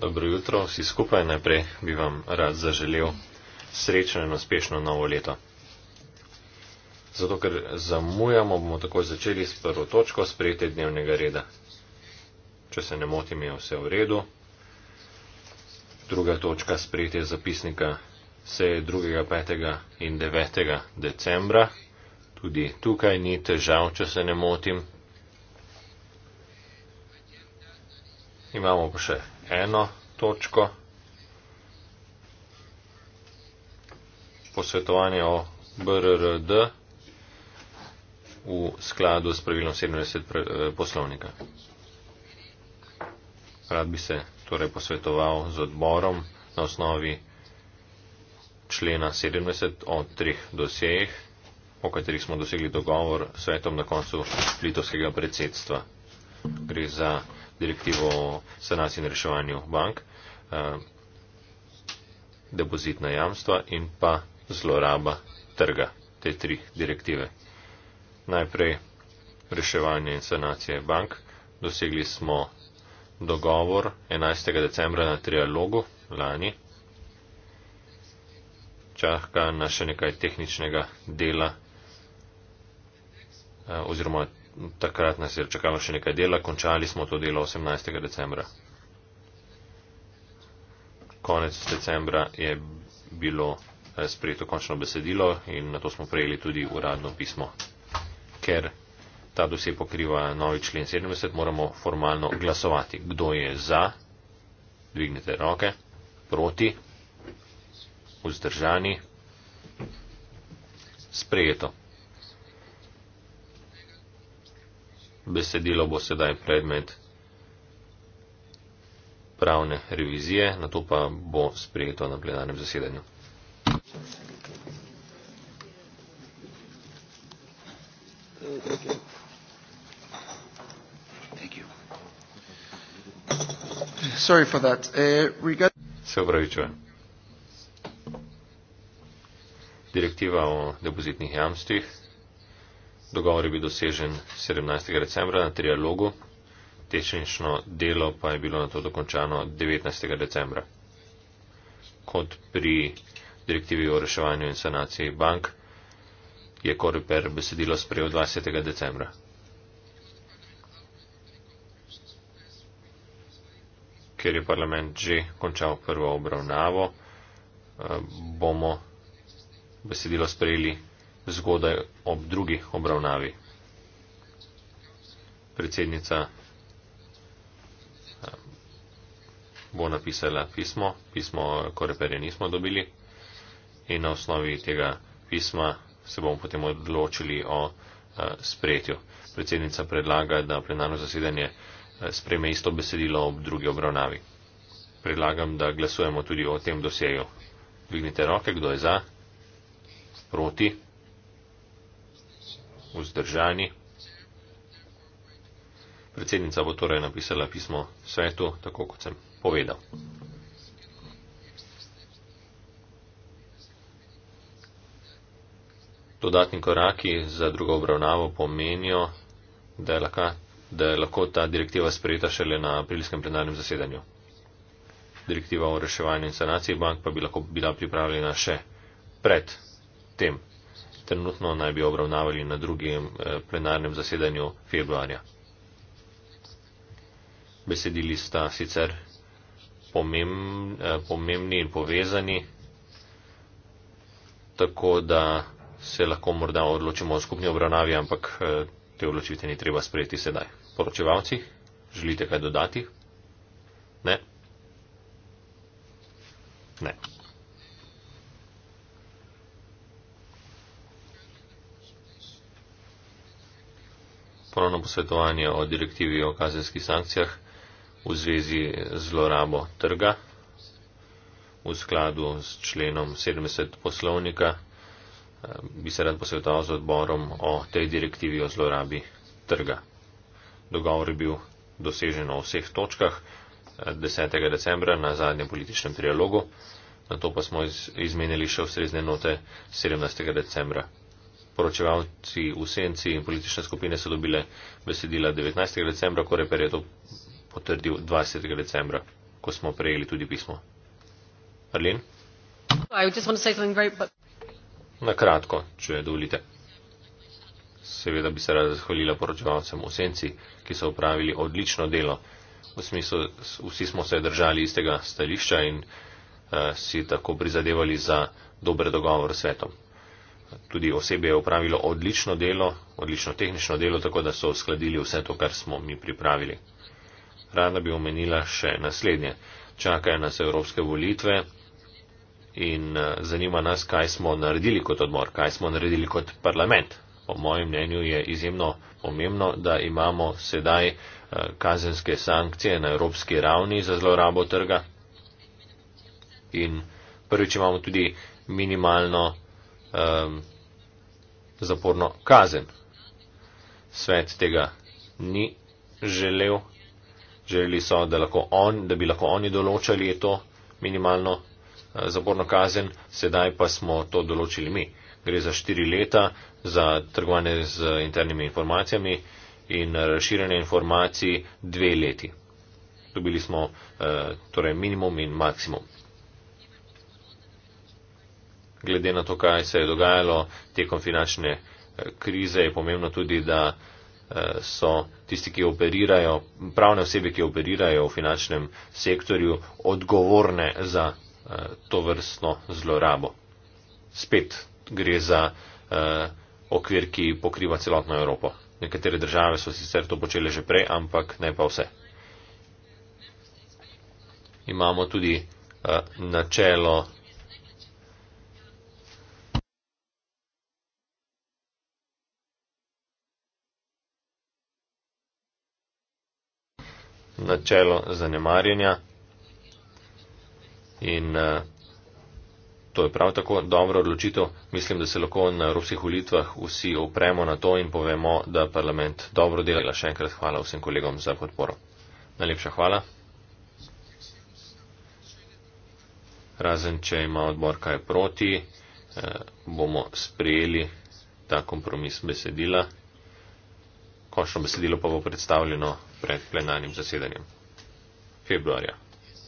Dobro jutro vsi skupaj, najprej bi vam rad zaželel srečno in uspešno novo leto. Zato, ker zamujamo, bomo tako začeli s prvo točko sprejete dnevnega reda. Če se ne motim, je vse v redu. Druga točka sprejete zapisnika seje 2., 5. in 9. decembra. Tudi tukaj ni težav, če se ne motim. imamo pa še eno točko. Posvetovanje o BRRD v skladu s pravilom 70 eh, poslovnika. Rad bi se torej posvetoval z odborom na osnovi člena 70 o treh dosejih, o katerih smo dosegli dogovor s svetom na koncu litovskega predsedstva. Gre za direktivo o sanaciji in reševanju bank, eh, depozitna jamstva in pa zloraba trga, te tri direktive. Najprej reševanje in sanacije bank. Dosegli smo dogovor 11. decembra na trialogu lani. Čaka na še nekaj tehničnega dela eh, oziroma takrat nas je čakalo še nekaj dela, končali smo to delo 18. decembra. Konec decembra je bilo eh, sprejeto končno besedilo in na to smo prejeli tudi uradno pismo. Ker ta dosje pokriva novi člen 70, moramo formalno glasovati, kdo je za, dvignete roke, proti, vzdržani, sprejeto. besedilo bo sedaj predmet pravne revizije, na to pa bo sprejeto na plenarnem zasedanju. Uh, regard... Se upravičujem. Direktiva o depozitnih jamstvih. Dogovor je bil dosežen 17. decembra na trialogu, tehnično delo pa je bilo na to dokončano 19. decembra. Kot pri direktivi o reševanju in sanaciji bank je Koriper besedilo sprejel 20. decembra. Ker je parlament že končal prvo obravnavo, eh, bomo besedilo sprejeli zgodaj ob drugi obravnavi. Predsednica eh, bo napisala pismo, pismo koreperje nismo dobili in na osnovi tega pisma se bomo potem odločili o eh, sprejetju. Predsednica predlaga, da plenarno zasedanje eh, spreme isto besedilo ob drugi obravnavi. Predlagam, da glasujemo tudi o tem dosjeju. Dvignite roke, kdo je za, proti vzdržani. Predsednica bo torej napisala pismo svetu, tako kot sem povedal. Dodatni koraki za drugo obravnavo pomenijo, da je lahko, da je lahko ta direktiva sprejeta šele na aprilskem plenarnem zasedanju. Direktiva o reševanju in sanaciji bank pa bi lahko bila pripravljena še pred tem trenutno naj bi obravnavali na drugem eh, plenarnem zasedanju februarja. Besedili sta sicer eh, pomembni in povezani, tako da se lahko morda odločimo o skupni obravnavi, ampak eh, te odločitve ni treba sprejeti sedaj. Poročevalci, želite kaj dodati? Ne? Ne. ponovno posvetovanje o direktivi o kazenskih sankcijah v zvezi z zlorabo trga v skladu s členom 70 poslovnika. Bi se rad posvetoval z odborom o tej direktivi o zlorabi trga. Dogovor je bil dosežen o vseh točkah 10. decembra na zadnjem političnem trialogu, na to pa smo izmenili še ustrezne note 17. decembra poročevalci v senci in politične skupine so dobile besedila 19. decembra, Koreper je to potrdil 20. decembra, ko smo prejeli tudi pismo. Arlin? Na kratko, če dovolite. Seveda bi se rada zahvalila poročevalcem v senci, ki so upravili odlično delo. V smislu, vsi smo se držali istega stališča in uh, si tako prizadevali za dober dogovor s svetom tudi osebje je upravilo odlično delo, odlično tehnično delo, tako da so uskladili vse to, kar smo mi pripravili. Rada bi omenila še naslednje. Čakajo nas evropske volitve in eh, zanima nas, kaj smo naredili kot odmor, kaj smo naredili kot parlament. Po mojem mnenju je izjemno pomembno, da imamo sedaj eh, kazenske sankcije na evropski ravni za zlorabo trga in prvič imamo tudi minimalno um, zaporno kazen. Svet tega ni želel. Želeli so, da, lahko on, da bi lahko oni določali to minimalno uh, zaporno kazen, sedaj pa smo to določili mi. Gre za štiri leta za trgovanje z internimi informacijami in razširjanje informacij dve leti. Dobili smo uh, torej minimum in maksimum glede na to, kaj se je dogajalo tekom finančne eh, krize, je pomembno tudi, da eh, so tisti, ki operirajo, pravne osebe, ki operirajo v finančnem sektorju, odgovorne za eh, to vrstno zlorabo. Spet gre za okvir, ki pokriva celotno Evropo. Nekatere države so sicer to počele že prej, ampak ne pa vse. Imamo tudi uh, načelo načelo zanemarjanja in eh, to je prav tako dobro odločitev. Mislim, da se lahko na evropskih volitvah vsi opremo na to in povemo, da parlament dobro dela. Še enkrat hvala vsem kolegom za podporo. Najlepša hvala. Razen, če ima odbor kaj proti, eh, bomo sprejeli ta kompromis besedila. Končno besedilo pa bo predstavljeno pred plenarnim zasedanjem. Februarja.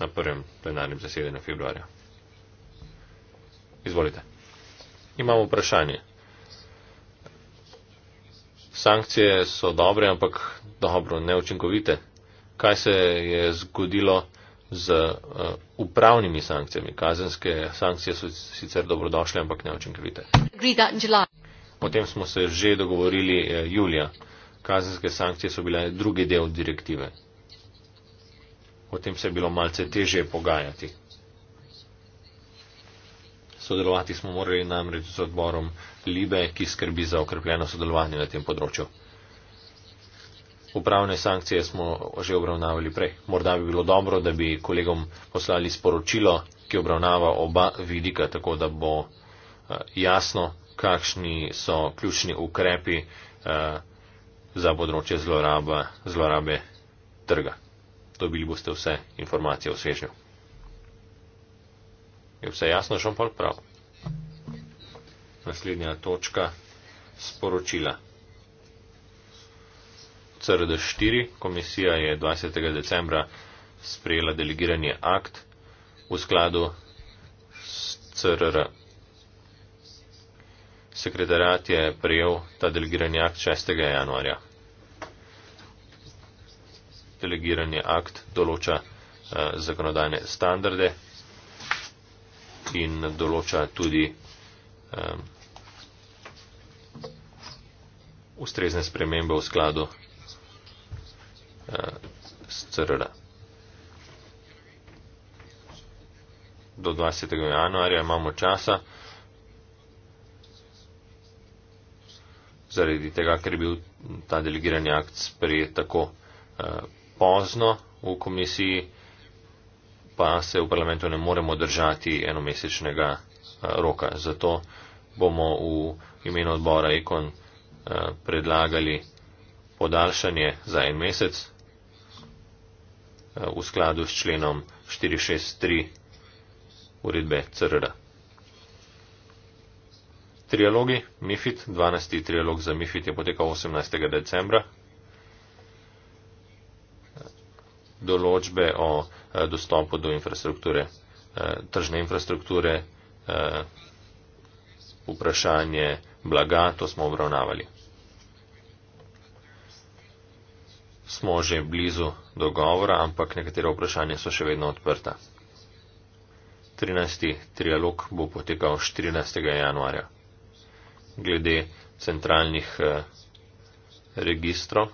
Na prvem plenarnem zasedanju februarja. Izvolite. Imamo vprašanje. Sankcije so dobre, ampak dobro neučinkovite. Kaj se je zgodilo z uh, upravnimi sankcijami? Kazenske sankcije so sicer dobrodošle, ampak neučinkovite. O tem smo se že dogovorili eh, julija kazenske sankcije so bile drugi del direktive. O tem se je bilo malce težje pogajati. Sodelovati smo morali namreč z odborom Libe, ki skrbi za okrepljeno sodelovanje na tem področju. Upravne sankcije smo že obravnavali prej. Morda bi bilo dobro, da bi kolegom poslali sporočilo, ki obravnava oba vidika, tako da bo eh, jasno, kakšni so ključni ukrepi. Uh, za področje zloraba, zlorabe trga. Dobili boste vse informacije o svežnju. Je vse jasno, že on pa prav. Naslednja točka sporočila. CRD4 komisija je 20. decembra sprejela delegirani akt v skladu s CRR sekretarat je prejel ta delegirani akt 6. januarja. Delegirani akt določa eh, zakonodajne standarde in določa tudi eh, ustrezne spremembe v skladu eh, s CRR. Do 20. januarja imamo časa. zaradi tega, ker je bil ta delegirani akt sprejet tako eh, pozno v komisiji, pa se v parlamentu ne moremo držati enomesečnega eh, roka. Zato bomo v imenu odbora Ekon eh, predlagali podaljšanje za en mesec v skladu s členom 463 uredbe CRR trialogi MIFID, 12. trialog za MIFID je potekal 18. decembra. Določbe o eh, dostopu do infrastrukture, eh, tržne infrastrukture, eh, vprašanje blaga, to smo obravnavali. Smo že blizu dogovora, ampak nekatere vprašanja so še vedno odprta. 13. trialog bo potekal 14. januarja glede centralnih eh, registrov.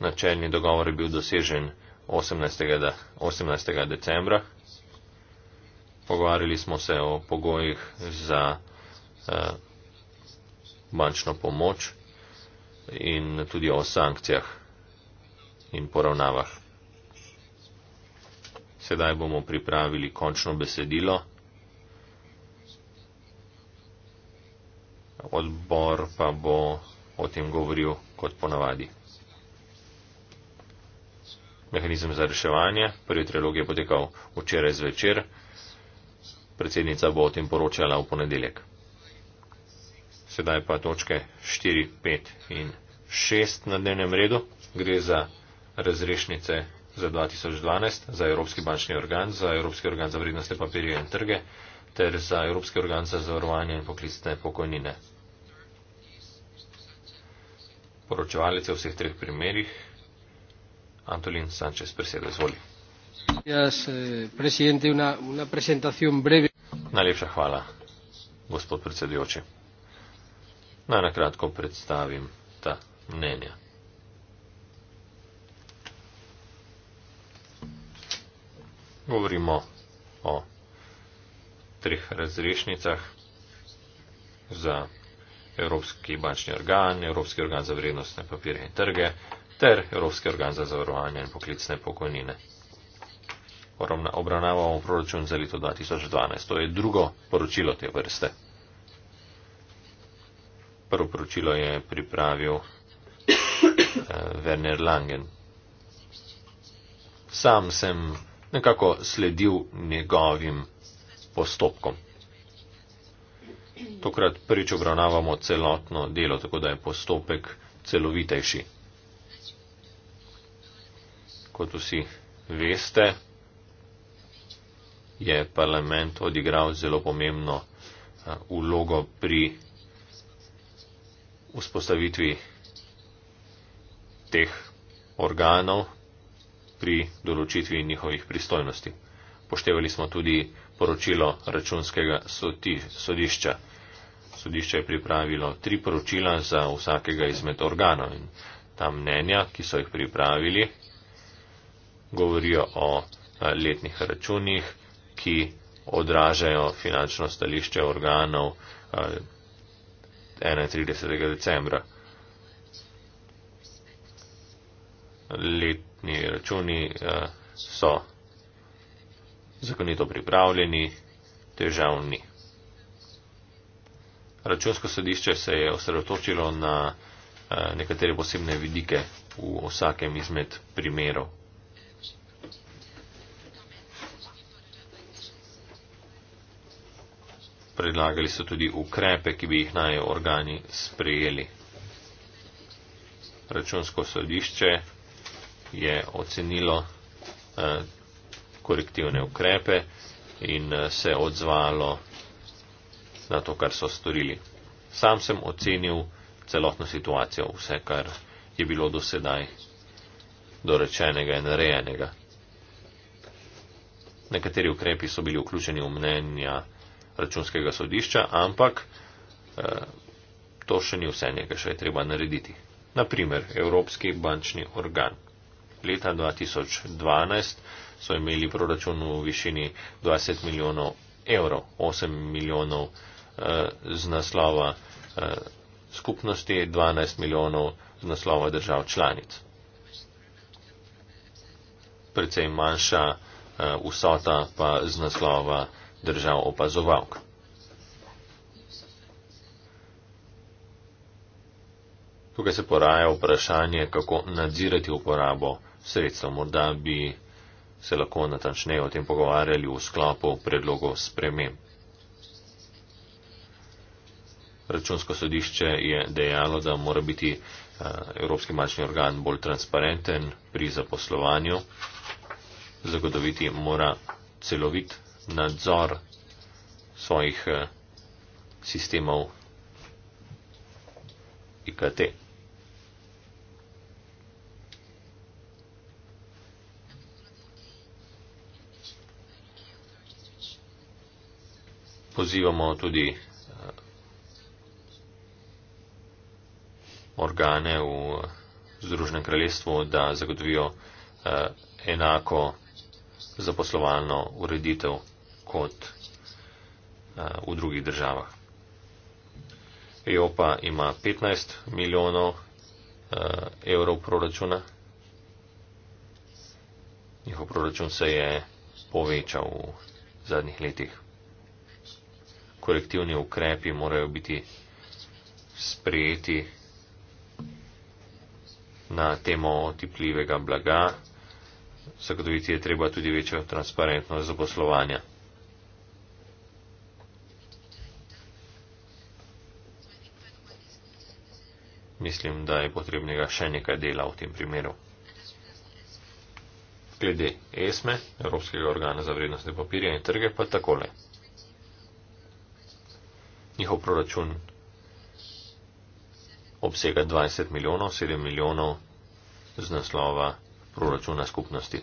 Načelni dogovor je bil dosežen 18. 18. decembra. Pogovarjali smo se o pogojih za eh, bančno pomoč in tudi o sankcijah in poravnavah. Sedaj bomo pripravili končno besedilo. odbor pa bo o tem govoril kot ponavadi. Mehanizem za reševanje. Prvi trilog je potekal včeraj zvečer. Predsednica bo o tem poročala v ponedeljek. Sedaj pa točke 4, 5 in 6 na dnevnem redu. Gre za razrešnice za 2012, za Evropski bančni organ, za Evropski organ za vrednostne papirje in trge ter za Evropski organ za zavarovanje in poklicne pokojnine poročevalice v vseh treh primerjih. Antolin Sanchez, presedo, izvoli. Eh, Najlepša hvala, gospod predsedujoči. Naj na kratko predstavim ta mnenja. Govorimo o treh razrešnicah za Evropski bančni organ, Evropski organ za vrednostne papirje in trge ter Evropski organ za zavarovanje in poklicne pokojnine. Obravnavamo proračun za leto 2012. To je drugo poročilo te vrste. Prvo poročilo je pripravil eh, Werner Langen. Sam sem nekako sledil njegovim postopkom. Tokrat prvič obravnavamo celotno delo, tako da je postopek celovitejši. Kot vsi veste, je parlament odigral zelo pomembno ulogo pri vzpostavitvi teh organov, pri določitvi njihovih pristojnosti. Poštevali smo tudi poročilo računskega soti, sodišča. Sodišče je pripravilo tri poročila za vsakega izmed organov in ta mnenja, ki so jih pripravili, govorijo o letnih računih, ki odražajo finančno stališče organov 31. decembra. Letni računi so zakonito pripravljeni, težav ni. Računsko sodišče se je osredotočilo na eh, nekatere posebne vidike v vsakem izmed primerov. Predlagali so tudi ukrepe, ki bi jih naj organi sprejeli. Računsko sodišče je ocenilo eh, korektivne ukrepe in eh, se odzvalo na to, kar so storili. Sam sem ocenil celotno situacijo, vse, kar je bilo do sedaj dorečenega in narejenega. Nekateri ukrepi so bili vključeni v mnenja računskega sodišča, ampak eh, to še ni vse, nekaj še je treba narediti. Naprimer, Evropski bančni organ. Leta 2012 so imeli proračun v višini 20 milijonov evrov, 8 milijonov eh, z naslova eh, skupnosti, 12 milijonov z naslova držav članic. Predvsej manjša eh, vsota pa z naslova držav opazovalk. Tukaj se poraja vprašanje, kako nadzirati uporabo sredstev. Morda bi se lahko natančneje o tem pogovarjali v sklopu predlogov sprememb. Računsko sodišče je dejalo, da mora biti eh, Evropski mačni organ bolj transparenten pri zaposlovanju, zagotoviti mora celovit nadzor svojih eh, sistemov IKT. pozivamo tudi eh, organe v eh, Združenem kraljestvu, da zagotovijo eh, enako zaposlovalno ureditev kot v drugih državah. EOPA ima 15 milijonov evrov proračuna. Njihov proračun se je povečal v zadnjih letih korektivni ukrepi morajo biti sprejeti na temo otipljivega blaga. Zagotoviti je treba tudi večjo transparentnost zaposlovanja. Mislim, da je potrebnega še nekaj dela v tem primeru. Glede ESME, Evropskega organa za vrednostne papirje in trge, pa takole njihov proračun obsega 20 milijonov, 7 milijonov z naslova proračuna skupnosti.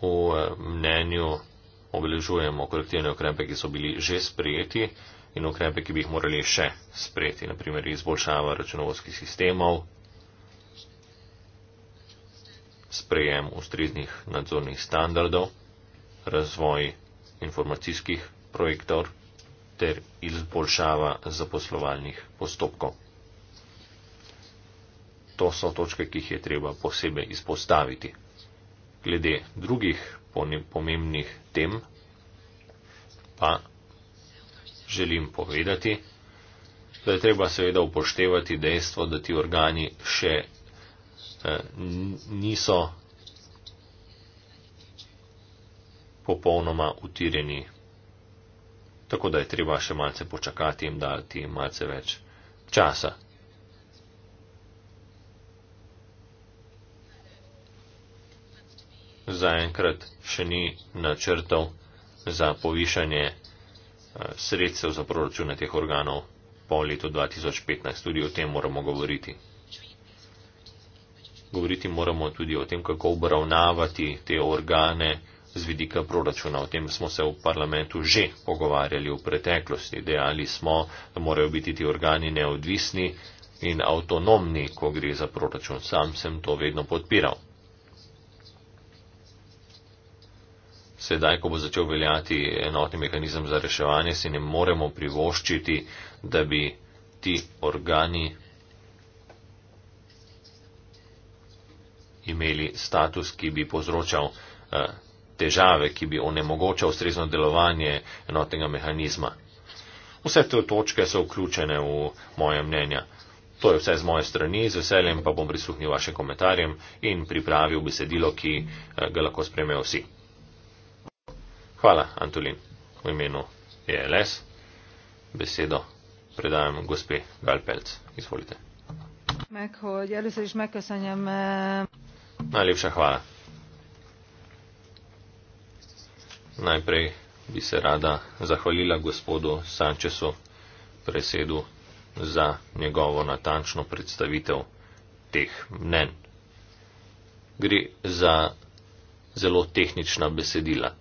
V eh, mnenju obeležujemo kolektivne ukrepe, ki so bili že sprejeti in ukrepe, ki bi jih morali še sprejeti, naprimer izboljšava računovodskih sistemov, sprejem ustreznih nadzornih standardov, razvoj informacijskih projektor ter izboljšava zaposlovalnih postopkov. To so točke, ki jih je treba posebej izpostaviti. Glede drugih pomembnih tem pa želim povedati, da je treba seveda upoštevati dejstvo, da ti organi še E, niso popolnoma utirjeni, tako da je treba še malce počakati in dati jim malce več časa. Zaenkrat še ni načrtov za povišanje e, sredstev za proračune teh organov po letu 2015. Tudi o tem moramo govoriti govoriti moramo tudi o tem, kako obravnavati te organe z vidika proračuna. O tem smo se v parlamentu že pogovarjali v preteklosti. Dejali smo, da morajo biti ti organi neodvisni in avtonomni, ko gre za proračun. Sam sem to vedno podpiral. Sedaj, ko bo začel veljati enotni mehanizem za reševanje, si ne moremo privoščiti, da bi ti organi imeli status, ki bi povzročal eh, težave, ki bi onemogočal ustrezno delovanje enotnega mehanizma. Vse te točke so vključene v moje mnenja. To je vse z moje strani, z veseljem pa bom prisluhnil vašim komentarjem in pripravil besedilo, ki eh, ga lahko spremejo vsi. Hvala, Antolin. V imenu ELS besedo predajam gospe Galpelc. Izvolite. Meg, hogy először is megköszönjem eh, Najlepša hvala. Najprej bi se rada zahvalila gospodu Sančesu presedu za njegovo natančno predstavitev teh mnen. Gre za zelo tehnična besedila.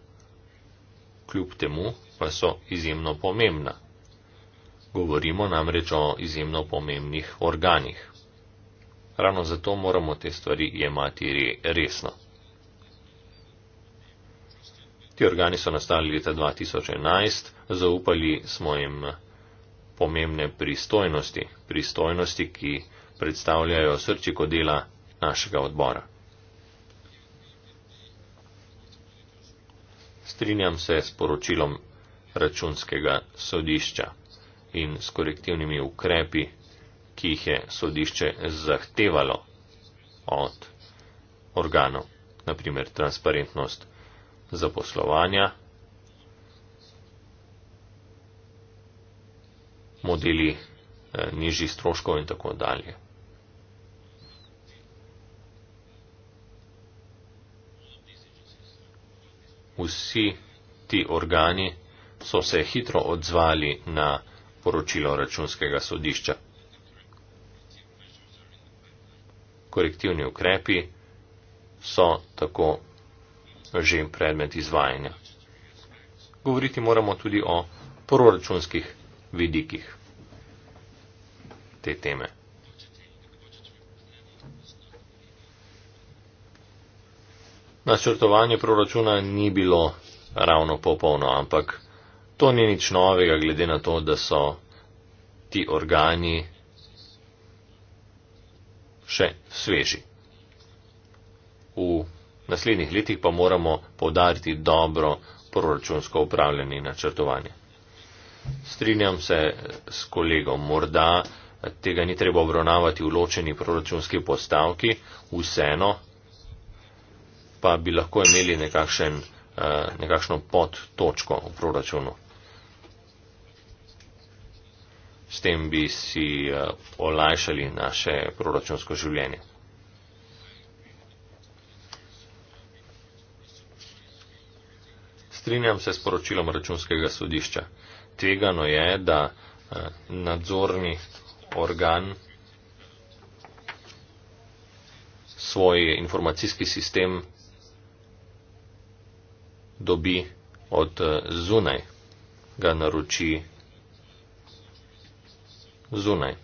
Kljub temu pa so izjemno pomembna. Govorimo namreč o izjemno pomembnih organih. Ravno zato moramo te stvari jemati resno. Ti organi so nastali leta 2011, zaupali smo jim pomembne pristojnosti, pristojnosti, ki predstavljajo srčiko dela našega odbora. Strinjam se s poročilom računskega sodišča in s korektivnimi ukrepi, ki jih je sodišče zahtevalo od organov, naprimer transparentnost zaposlovanja, modeli eh, nižjih stroškov in tako dalje. Vsi ti organi so se hitro odzvali na poročilo računskega sodišča. korektivni ukrepi so tako že predmet izvajanja. Govoriti moramo tudi o proračunskih vidikih te teme. Načrtovanje proračuna ni bilo ravno popolno, ampak to ni nič novega, glede na to, da so ti organi še sveži. V naslednjih letih pa moramo podariti dobro proračunsko upravljanje in načrtovanje. Strinjam se s kolegom, morda tega ni treba obravnavati v ločeni proračunski postavki, vseeno pa bi lahko imeli nekakšen, eh, nekakšno podtočko v proračunu. s tem bi si eh, olajšali naše proračunsko življenje. Strinjam se s poročilom računskega sodišča. Tvegano je, da eh, nadzorni organ svoj informacijski sistem dobi od eh, zunaj, ga naroči zunaj.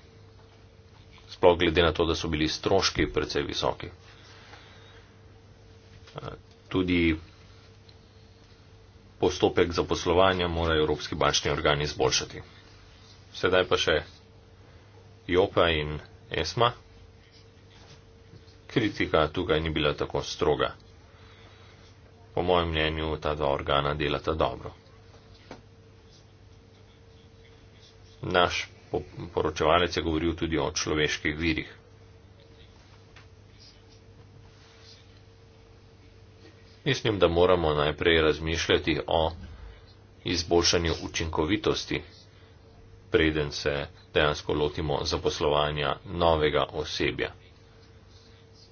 Sploh glede na to, da so bili stroški precej visoki. Eh, tudi postopek za poslovanje morajo evropski bančni organi izboljšati. Sedaj pa še JOPA in ESMA. Kritika tukaj ni bila tako stroga. Po mojem mnenju ta dva organa delata dobro. Naš poročevalec je govoril tudi o človeških virih. Mislim, da moramo najprej razmišljati o izboljšanju učinkovitosti, preden se dejansko lotimo zaposlovanja novega osebja.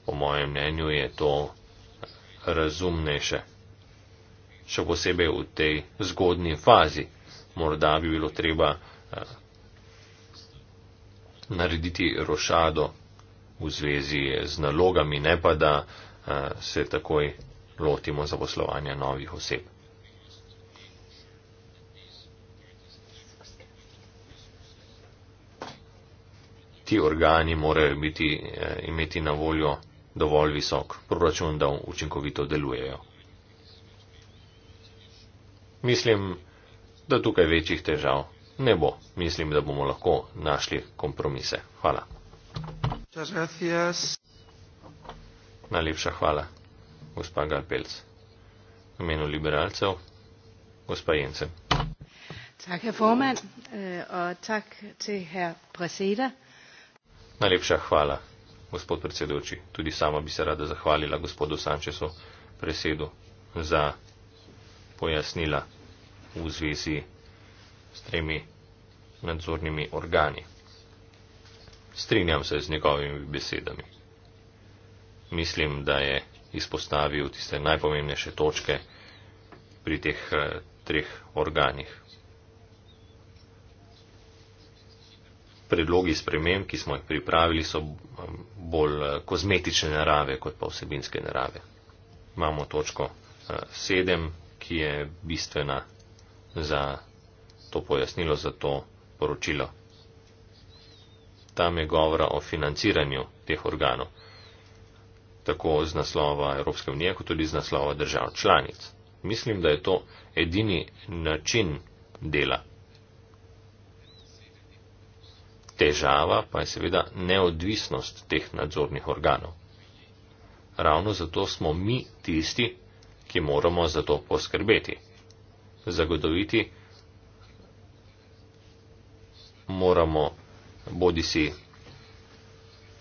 Po mojem mnenju je to razumnejše. Še posebej v tej zgodni fazi. Morda bi bilo treba eh, narediti rošado v zvezi z nalogami, ne pa da eh, se takoj lotimo zaposlovanja novih oseb. Ti organi morajo biti, eh, imeti na voljo dovolj visok proračun, da učinkovito delujejo. Mislim, da tukaj večjih težav ne bo. Mislim, da bomo lahko našli kompromise. Hvala. Najlepša hvala, gospa Galpelc. V imenu liberalcev, gospa Jence. Tak, herr Forman, in øh, tak, til herr Preseda. Najlepša hvala, gospod predsedujoči. Tudi sama bi se rada zahvalila gospodu Sančesu Presedu za pojasnila v zvezi s tremi nadzornimi organi. Strinjam se z njegovimi besedami. Mislim, da je izpostavil tiste najpomembnejše točke pri teh eh, treh organih. Predlogi sprememb, ki smo jih pripravili, so eh, bolj eh, kozmetične narave, kot pa vsebinske narave. Imamo točko 7, ki je bistvena za to pojasnilo za to poročilo. Tam je govora o financiranju teh organov, tako z naslova Evropske unije, kot tudi z naslova držav članic. Mislim, da je to edini način dela. Težava pa je seveda neodvisnost teh nadzornih organov. Ravno zato smo mi tisti, ki moramo za to poskrbeti, zagotoviti moramo bodi si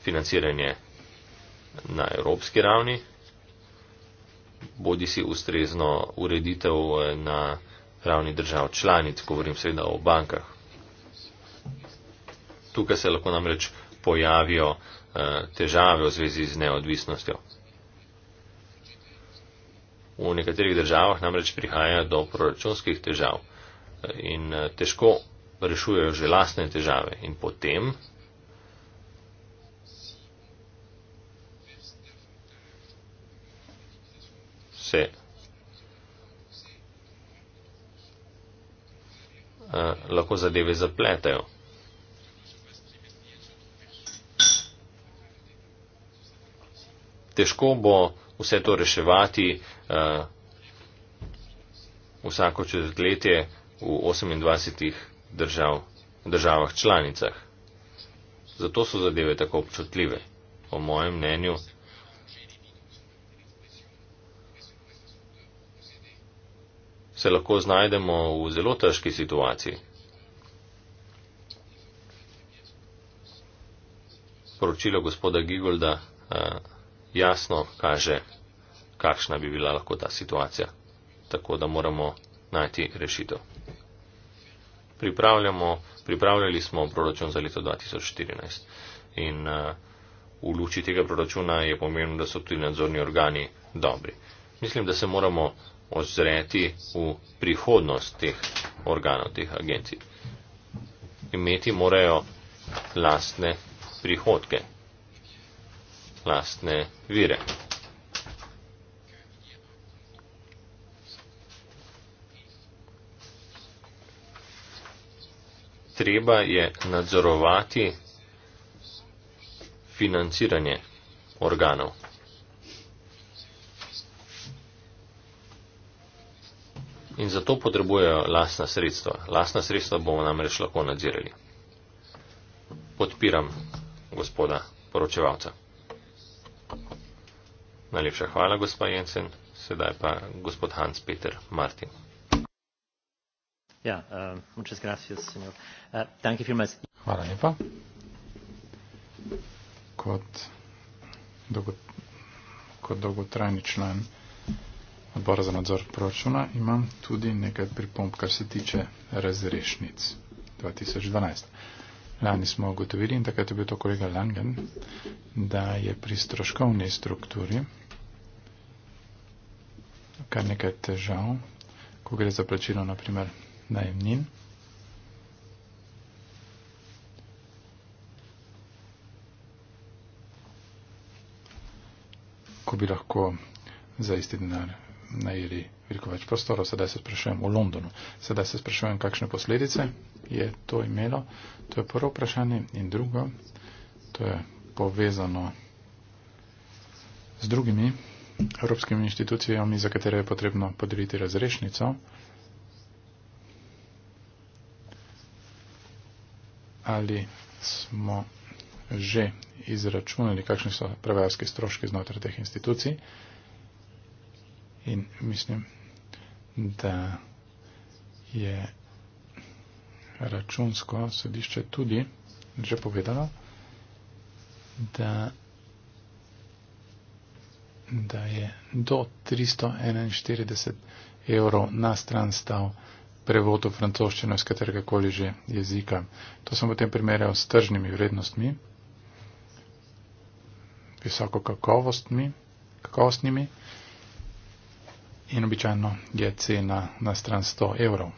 financiranje na evropski ravni, bodi si ustrezno ureditev eh, na ravni držav članic, govorim seveda o bankah. Tukaj se lahko namreč pojavijo eh, težave v zvezi z neodvisnostjo. V nekaterih državah namreč prihaja do proračunskih težav eh, in težko rešujejo že lastne težave in potem se uh, lahko zadeve zapletajo. Težko bo vse to reševati uh, vsako četrtletje v 28 držav, državah članicah. Zato so zadeve tako občutljive. Po mojem mnenju se lahko znajdemo v zelo težki situaciji. Poročilo gospoda Gigolda eh, jasno kaže, kakšna bi bila lahko ta situacija. Tako da moramo najti rešitev pripravljamo, pripravljali smo proračun za leto 2014. In uh, v luči tega proračuna je pomembno, da so tudi nadzorni organi dobri. Mislim, da se moramo ozreti v prihodnost teh organov, teh agencij. Imeti morajo lastne prihodke, lastne vire. treba je nadzorovati financiranje organov. In zato potrebujejo lasna sredstva. Lasna sredstva bomo namreč lahko nadzirali. Podpiram gospoda poročevalca. Najlepša hvala, gospod Jensen. Sedaj pa gospod Hans Peter Martin. Ja, eh, eh, Hvala lepa. Kot, dolgo, kot dolgotrajni član odbora za nadzor proračuna imam tudi nekaj pripomb, kar se tiče razrešnic 2012. Lani smo ugotovili, in takrat je bil to kolega Langen, da je pri stroškovni strukturi kar nekaj težav, ko gre za plačilo, naprimer, najemnin. Ko bi lahko za isti denar najeli veliko več prostorov, sedaj se sprašujem v Londonu, sedaj se sprašujem, kakšne posledice je to imelo. To je prvo vprašanje in drugo, to je povezano z drugimi evropskimi inštitucijami, za katere je potrebno podeliti razrešnico. ali smo že izračunali, kakšni so prevajalski stroški znotraj teh institucij. In mislim, da je računsko sodišče tudi že povedalo, da, da je do 341 evrov na stran stav prevod v francoščino iz katerega koli že jezika. To sem potem primerjal s tržnimi vrednostmi, visoko kakovostmi, kakovostnimi in običajno je cena na stran 100 evrov.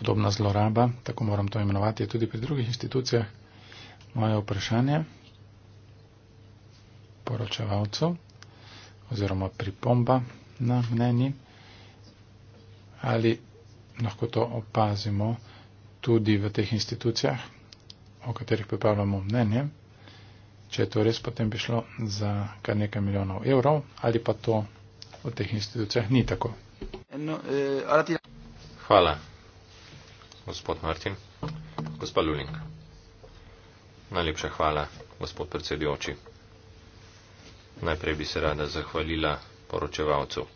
Podobna zloraba, tako moram to imenovati, je tudi pri drugih institucijah. Moje vprašanje poročevalcu oziroma pripomba na mnenji ali lahko to opazimo tudi v teh institucijah, o katerih pripravljamo mnenje, če je to res potem bi šlo za kar nekaj milijonov evrov ali pa to v teh institucijah ni tako. No, eh, hvala, gospod Martin. Gospa Luling. Najlepša hvala, gospod predsedujoči. Najprej bi se rada zahvalila poročevalcu.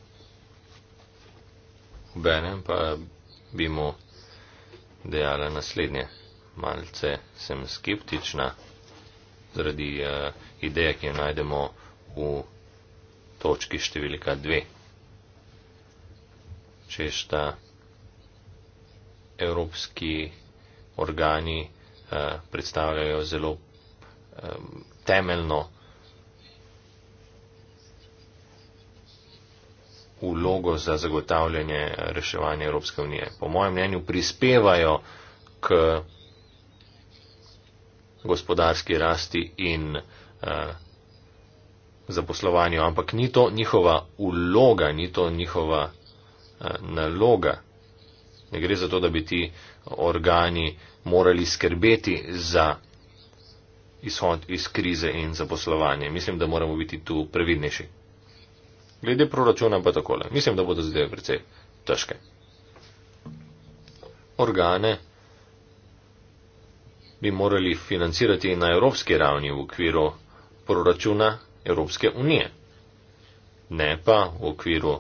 Obenem pa bi mu dejala naslednje. Malce sem skeptična zaradi uh, ideje, ki jo najdemo v točki številka 2. Češta evropski organi uh, predstavljajo zelo um, temeljno vlogo za zagotavljanje reševanja Evropske unije. Po mojem mnenju prispevajo k gospodarski rasti in eh, zaposlovanju, ampak ni to njihova vloga, ni to njihova eh, naloga. Ne gre za to, da bi ti organi morali skrbeti za izhod iz krize in zaposlovanje. Mislim, da moramo biti tu previdnejši. Glede proračuna pa takole. Mislim, da bodo zadeve precej težke. Organe bi morali financirati na evropski ravni v okviru proračuna Evropske unije, ne pa v okviru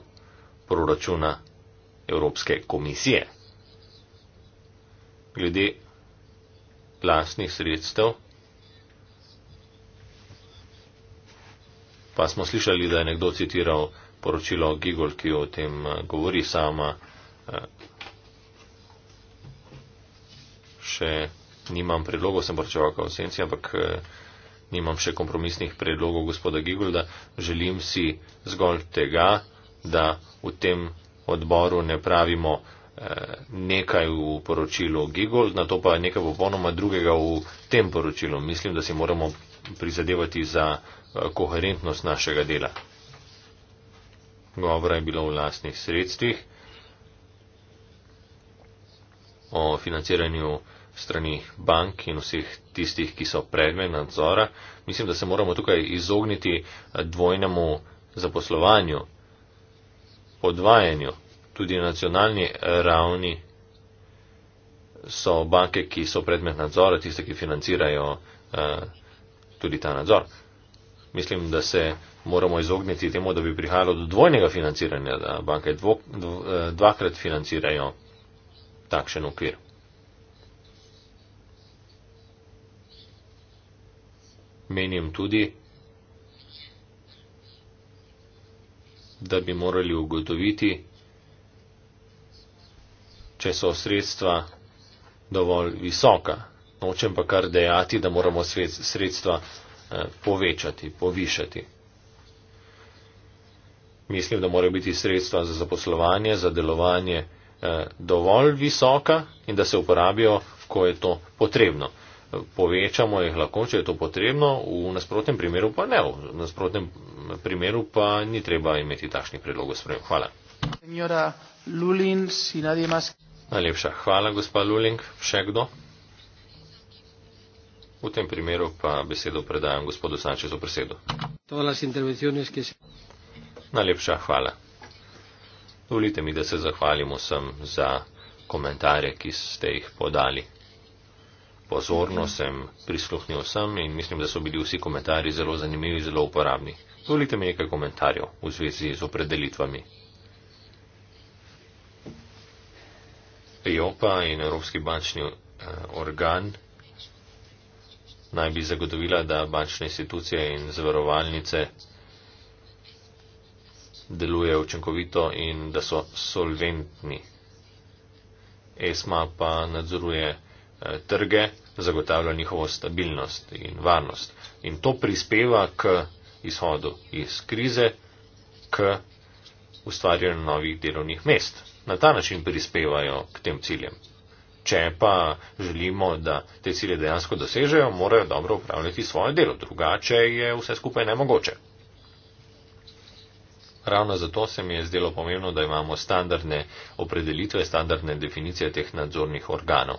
proračuna Evropske komisije. Glede vlastnih sredstev pa smo slišali, da je nekdo citiral poročilo Gigol, ki o tem eh, govori sama. Eh, še nimam predlogov, sem poročeval kao senci, ampak eh, nimam še kompromisnih predlogov gospoda Gigolda. Želim si zgolj tega, da v tem odboru ne pravimo nekaj v poročilu Gigol, na to pa nekaj popolnoma drugega v tem poročilu. Mislim, da si moramo prizadevati za Eh, koherentnost našega dela. Govora je bilo o vlastnih sredstvih, o financiranju strani bank in vseh tistih, ki so predmet nadzora. Mislim, da se moramo tukaj izogniti eh, dvojnemu zaposlovanju, podvajanju. Tudi na nacionalni ravni so banke, ki so predmet nadzora, tiste, ki financirajo eh, tudi ta nadzor. Eh, mislim, da se moramo izogniti temu, da bi prihajalo do dvojnega financiranja, da banke dvo, dv, eh, dvakrat financirajo takšen okvir. Menim tudi, da bi morali ugotoviti, če so sredstva dovolj visoka. Nočem pa kar dejati, da moramo sredstva Eh, povečati, povišati. Mislim, da morajo biti sredstva za zaposlovanje, za delovanje eh, dovolj visoka in da se uporabijo, ko je to potrebno. Povečamo jih lahko, če je to potrebno, v nasprotnem primeru pa ne. V nasprotnem primeru pa ni treba imeti takšnih predlogov sprejem. Hvala. Lulin, si nadje maske. Najlepša hvala, gospa Luling. Še kdo? V tem primeru pa besedo predajam gospodu Sančezu presedu. Najlepša hvala. Dovolite mi, da se zahvalim vsem za komentarje, ki ste jih podali. Pozorno mhm. sem prisluhnil vsem in mislim, da so bili vsi komentarji zelo zanimivi, zelo uporabni. Dovolite mi nekaj komentarjev v zvezi z opredelitvami. EOPA in Evropski bančni eh, organ naj bi zagotovila, da bančne institucije in zavarovalnice delujejo učinkovito in da so solventni. ESMA pa nadzoruje eh, trge, zagotavlja njihovo stabilnost in varnost. In to prispeva k izhodu iz krize, k ustvarjanju novih delovnih mest. Na ta način prispevajo k tem ciljem če pa želimo, da te cilje dejansko dosežejo, morajo dobro upravljati svoje delo. Drugače je vse skupaj nemogoče. Ravno zato se mi je zdelo pomembno, da imamo standardne opredelitve, standardne definicije teh nadzornih organov.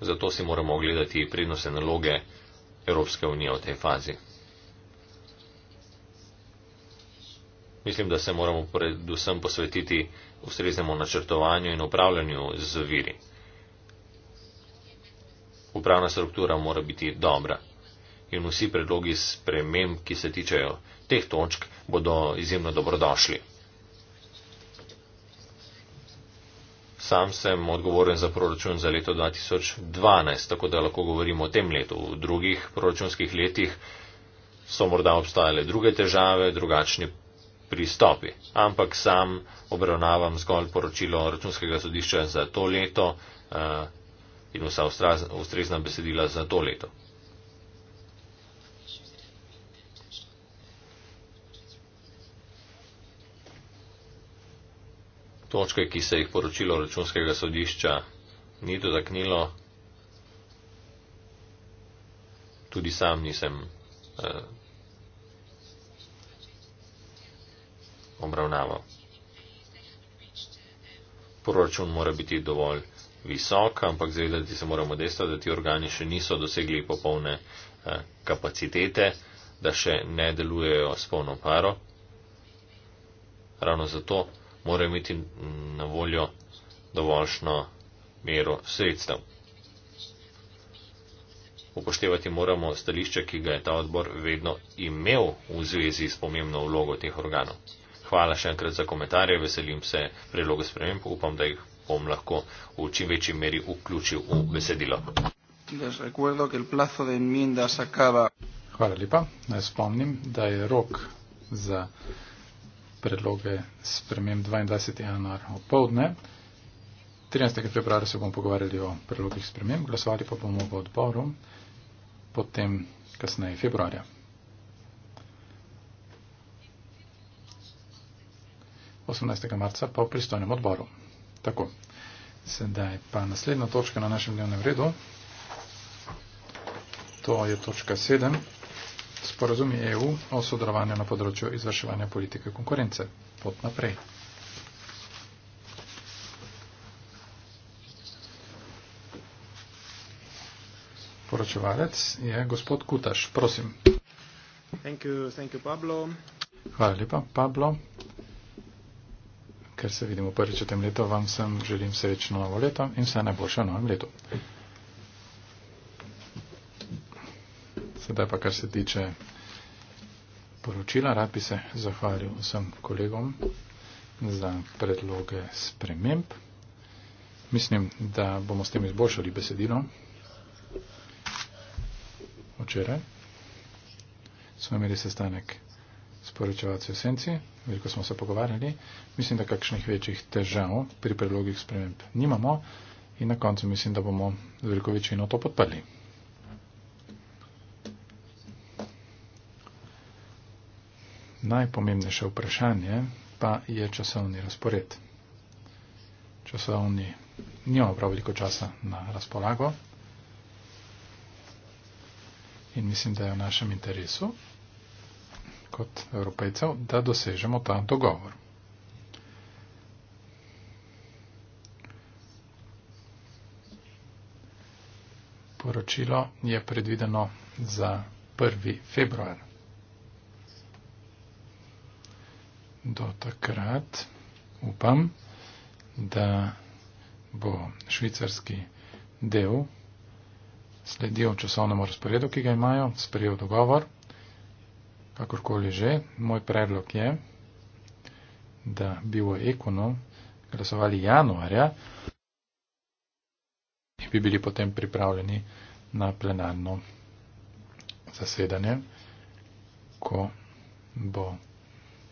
Zato si moramo ogledati prednose naloge Evropske unije v tej fazi. Mislim, da se moramo predvsem posvetiti ustreznemu načrtovanju in upravljanju z viri. Upravna struktura mora biti dobra in vsi predlogi sprememb, ki se tičejo teh točk, bodo izjemno dobrodošli. Sam sem odgovoren za proračun za leto 2012, tako da lahko govorim o tem letu. V drugih proračunskih letih so morda obstajale druge težave, drugačni pristopi, ampak sam obravnavam zgolj poročilo računskega sodišča za to leto uh, in vsa ustrezna besedila za to leto. Točke, ki se jih poročilo računskega sodišča ni dotaknilo, tudi sam nisem eh, obravnaval. Proračun mora biti dovolj visok, ampak zavedati se moramo dejstva, da ti organi še niso dosegli popolne eh, kapacitete, da še ne delujejo s polno paro. Ravno zato morajo imeti na voljo dovoljšno mero sredstev. Upoštevati moramo stališče, ki ga je ta odbor vedno imel v zvezi s pomembno vlogo teh organov. Hvala še enkrat za komentarje, veselim se predloga sprememb, upam, da jih bom lahko v čim večji meri vključil v besedilo. Hvala lepa. Naj spomnim, da je rok za predloge sprememb 22. januar o povdne. 13. februarja se bomo pogovarjali o predlogih sprememb, glasovali pa bomo v odboru potem kasneje februarja. 18. marca pa v pristojnem odboru. Tako, sedaj pa naslednja točka na našem dnevnem redu. To je točka 7. Sporazumi EU o sodelovanju na področju izvrševanja politike konkurence. Pot naprej. Poročevalec je gospod Kutaš. Prosim. Thank you, thank you, Pablo. Hvala lepa, Pablo ker se vidimo prvič v tem letu, vam sem želim srečno novo leto in vse najboljše v novem letu. Sedaj pa, kar se tiče poročila, rad bi se zahvalil vsem kolegom za predloge sprememb. Mislim, da bomo s tem izboljšali besedilo. Včeraj smo imeli sestanek sporočevalci v senci, veliko smo se pogovarjali, mislim, da kakšnih večjih težav pri predlogih sprememb nimamo in na koncu mislim, da bomo veliko večino to podprli. Najpomembnejše vprašanje pa je časovni razpored. Časovni nima prav veliko časa na razpolago in mislim, da je v našem interesu kot evropejcev, da dosežemo ta dogovor. Poročilo je predvideno za 1. februar. Do takrat upam, da bo švicarski del sledil časovnemu razporedu, ki ga imajo, sprejel dogovor. Kakorkoli že, moj predlog je, da bi v ekonom glasovali januarja in bi bili potem pripravljeni na plenarno zasedanje, ko bo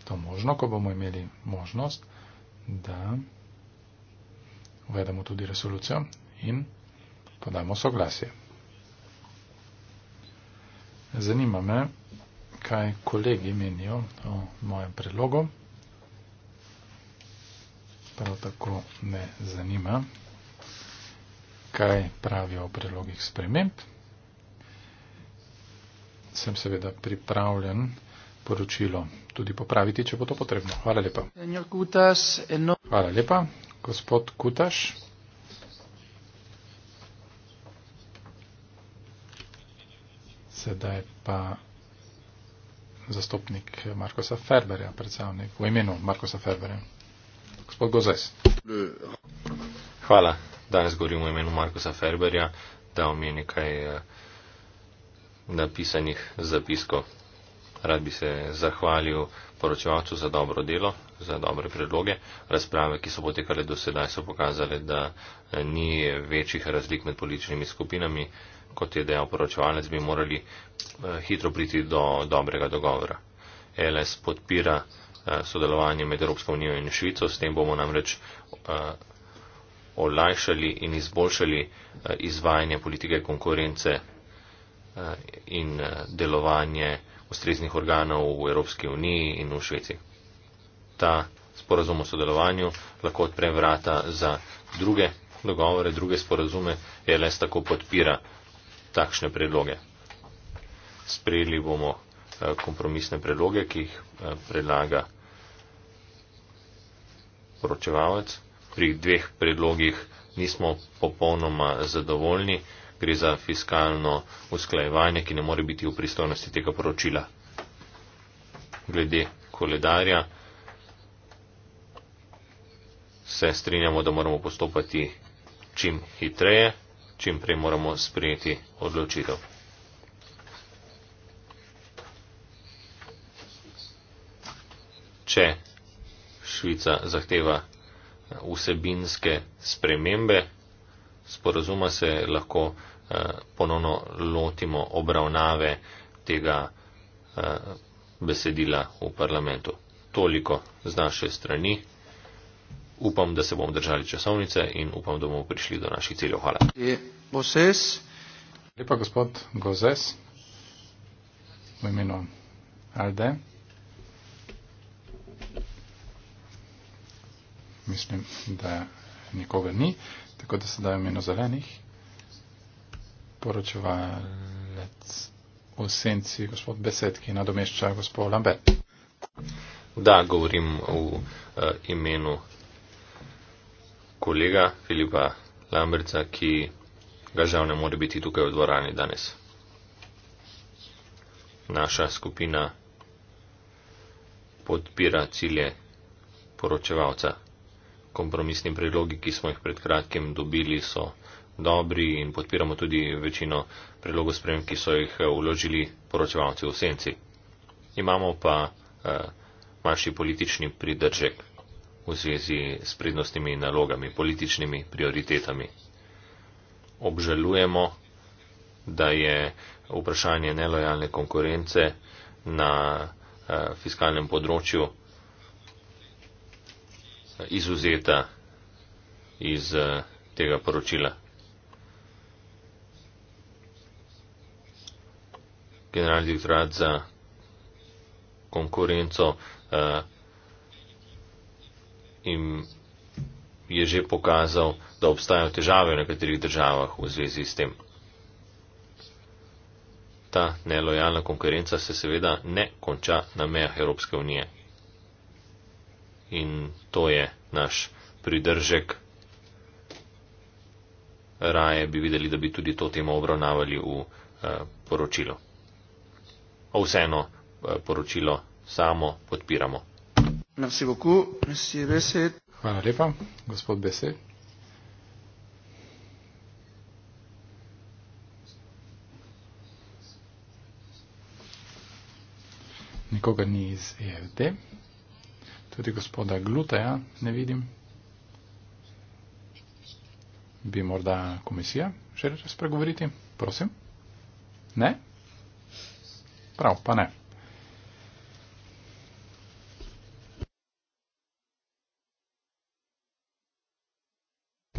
to možno, ko bomo imeli možnost, da uvedemo tudi resolucijo in podamo soglasje. Zanima me, kaj kolegi menijo o mojem predlogu. Prav tako me zanima, kaj pravijo o predlogih sprememb. Sem seveda pripravljen poročilo tudi popraviti, če bo to potrebno. Hvala lepa. Hvala lepa, gospod Kutaš. Sedaj pa zastopnik Markosa Ferberja, predstavnik v imenu Markosa Ferberja. Gospod Gozes. Hvala. Danes govorim v imenu Markosa Ferberja, da omeni nekaj eh, napisanih zapiskov. Rad bi se zahvalil poročevalcu za dobro delo, za dobre predloge. Razprave, ki so potekale do sedaj, so pokazale, da eh, ni večjih razlik med političnimi skupinami, kot je dejal poročevalec, bi morali eh, hitro priti do dobrega dogovora. LS podpira eh, sodelovanje med Evropsko unijo in Švico, s tem bomo namreč olajšali in izboljšali izvajanje politike konkurence in delovanje ustreznih organov v Evropski uniji in v Švici ta sporazum o sodelovanju lahko odpre vrata za druge dogovore, druge sporazume, e LS tako podpira takšne predloge. Sprejeli bomo eh, kompromisne predloge, ki jih eh, predlaga poročevalec. Pri dveh predlogih nismo popolnoma zadovoljni, gre za fiskalno usklajevanje, ki ne more biti v pristojnosti tega poročila. Glede koledarja se strinjamo, da moramo postopati čim hitreje, čim prej moramo sprejeti odločitev. Če Švica zahteva vsebinske spremembe, sporozuma se lahko eh, ponovno lotimo obravnave tega eh, besedila v parlamentu. Toliko z naše strani upam, da se bomo držali časovnice in upam, da bomo prišli do naših ciljev. Hvala. Lepa gospod Gozes, v imenu Alde. Mislim, da nikoga ni, tako da se dajo imeno zelenih. Poročevalec o senci, gospod Besed, ki nadomešča gospod Lambert. Da, govorim v uh, imenu kolega Filipa Lambrca, ki ga žal ne more biti tukaj v dvorani danes. Naša skupina podpira cilje poročevalca. Kompromisni predlogi, ki smo jih pred kratkim dobili, so dobri in podpiramo tudi večino predlogov sprem, ki so jih uložili eh, poročevalci v senci. Imamo pa uh, manjši politični pridržek v zvezi s prednostnimi nalogami, političnimi prioritetami. Obžalujemo, da je vprašanje nelojalne konkurence na eh, fiskalnem področju eh, izuzeta iz eh, tega poročila. Generalni direktorat za konkurenco jim je že pokazal, da obstajajo težave v nekaterih državah v zvezi s tem. Ta nelojalna konkurenca se seveda ne konča na mejah Evropske unije. In to je naš pridržek. Raje bi videli, da bi tudi to temo obravnavali v eh, poročilu. O vseeno eh, poročilo samo podpiramo. Merci beaucoup, monsieur Besset. Hvala lepa, gospod Besset. Nikoga ni iz ERD. Tudi gospoda Glutaja ne vidim. Bi morda komisija želela spregovoriti? Prosim. Ne? Prav, pa ne.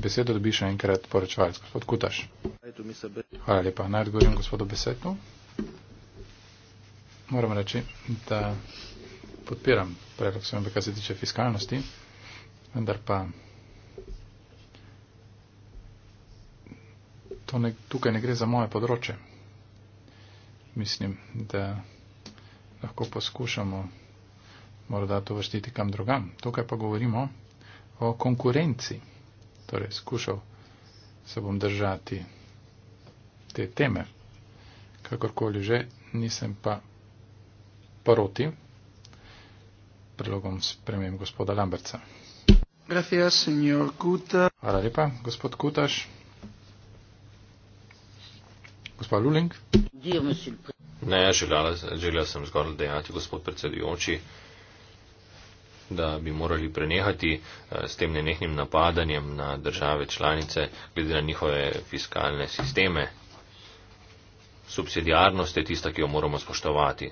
besedo, dobi še enkrat poročevalec, gospod Kutaš. Hvala lepa. Naj odgovorim gospodu Besetu. Moram reči, da podpiram predlog sembe, kar se tiče fiskalnosti, vendar pa to ne, tukaj ne gre za moje področje. Mislim, da lahko poskušamo morda to vrstiti kam drugam. Tukaj pa govorimo o konkurenci torej skušal se bom držati te teme. Kakorkoli že, nisem pa proti predlogom spremem gospoda Lamberca. Hvala lepa, gospod Kutaš. Gospod Luling. Ne, želela, želela sem zgolj dejati, gospod predsedujoči da bi morali prenehati eh, s tem nenehnim napadanjem na države članice, glede na njihove fiskalne sisteme. Subsidijarnost je tista, ki jo moramo spoštovati.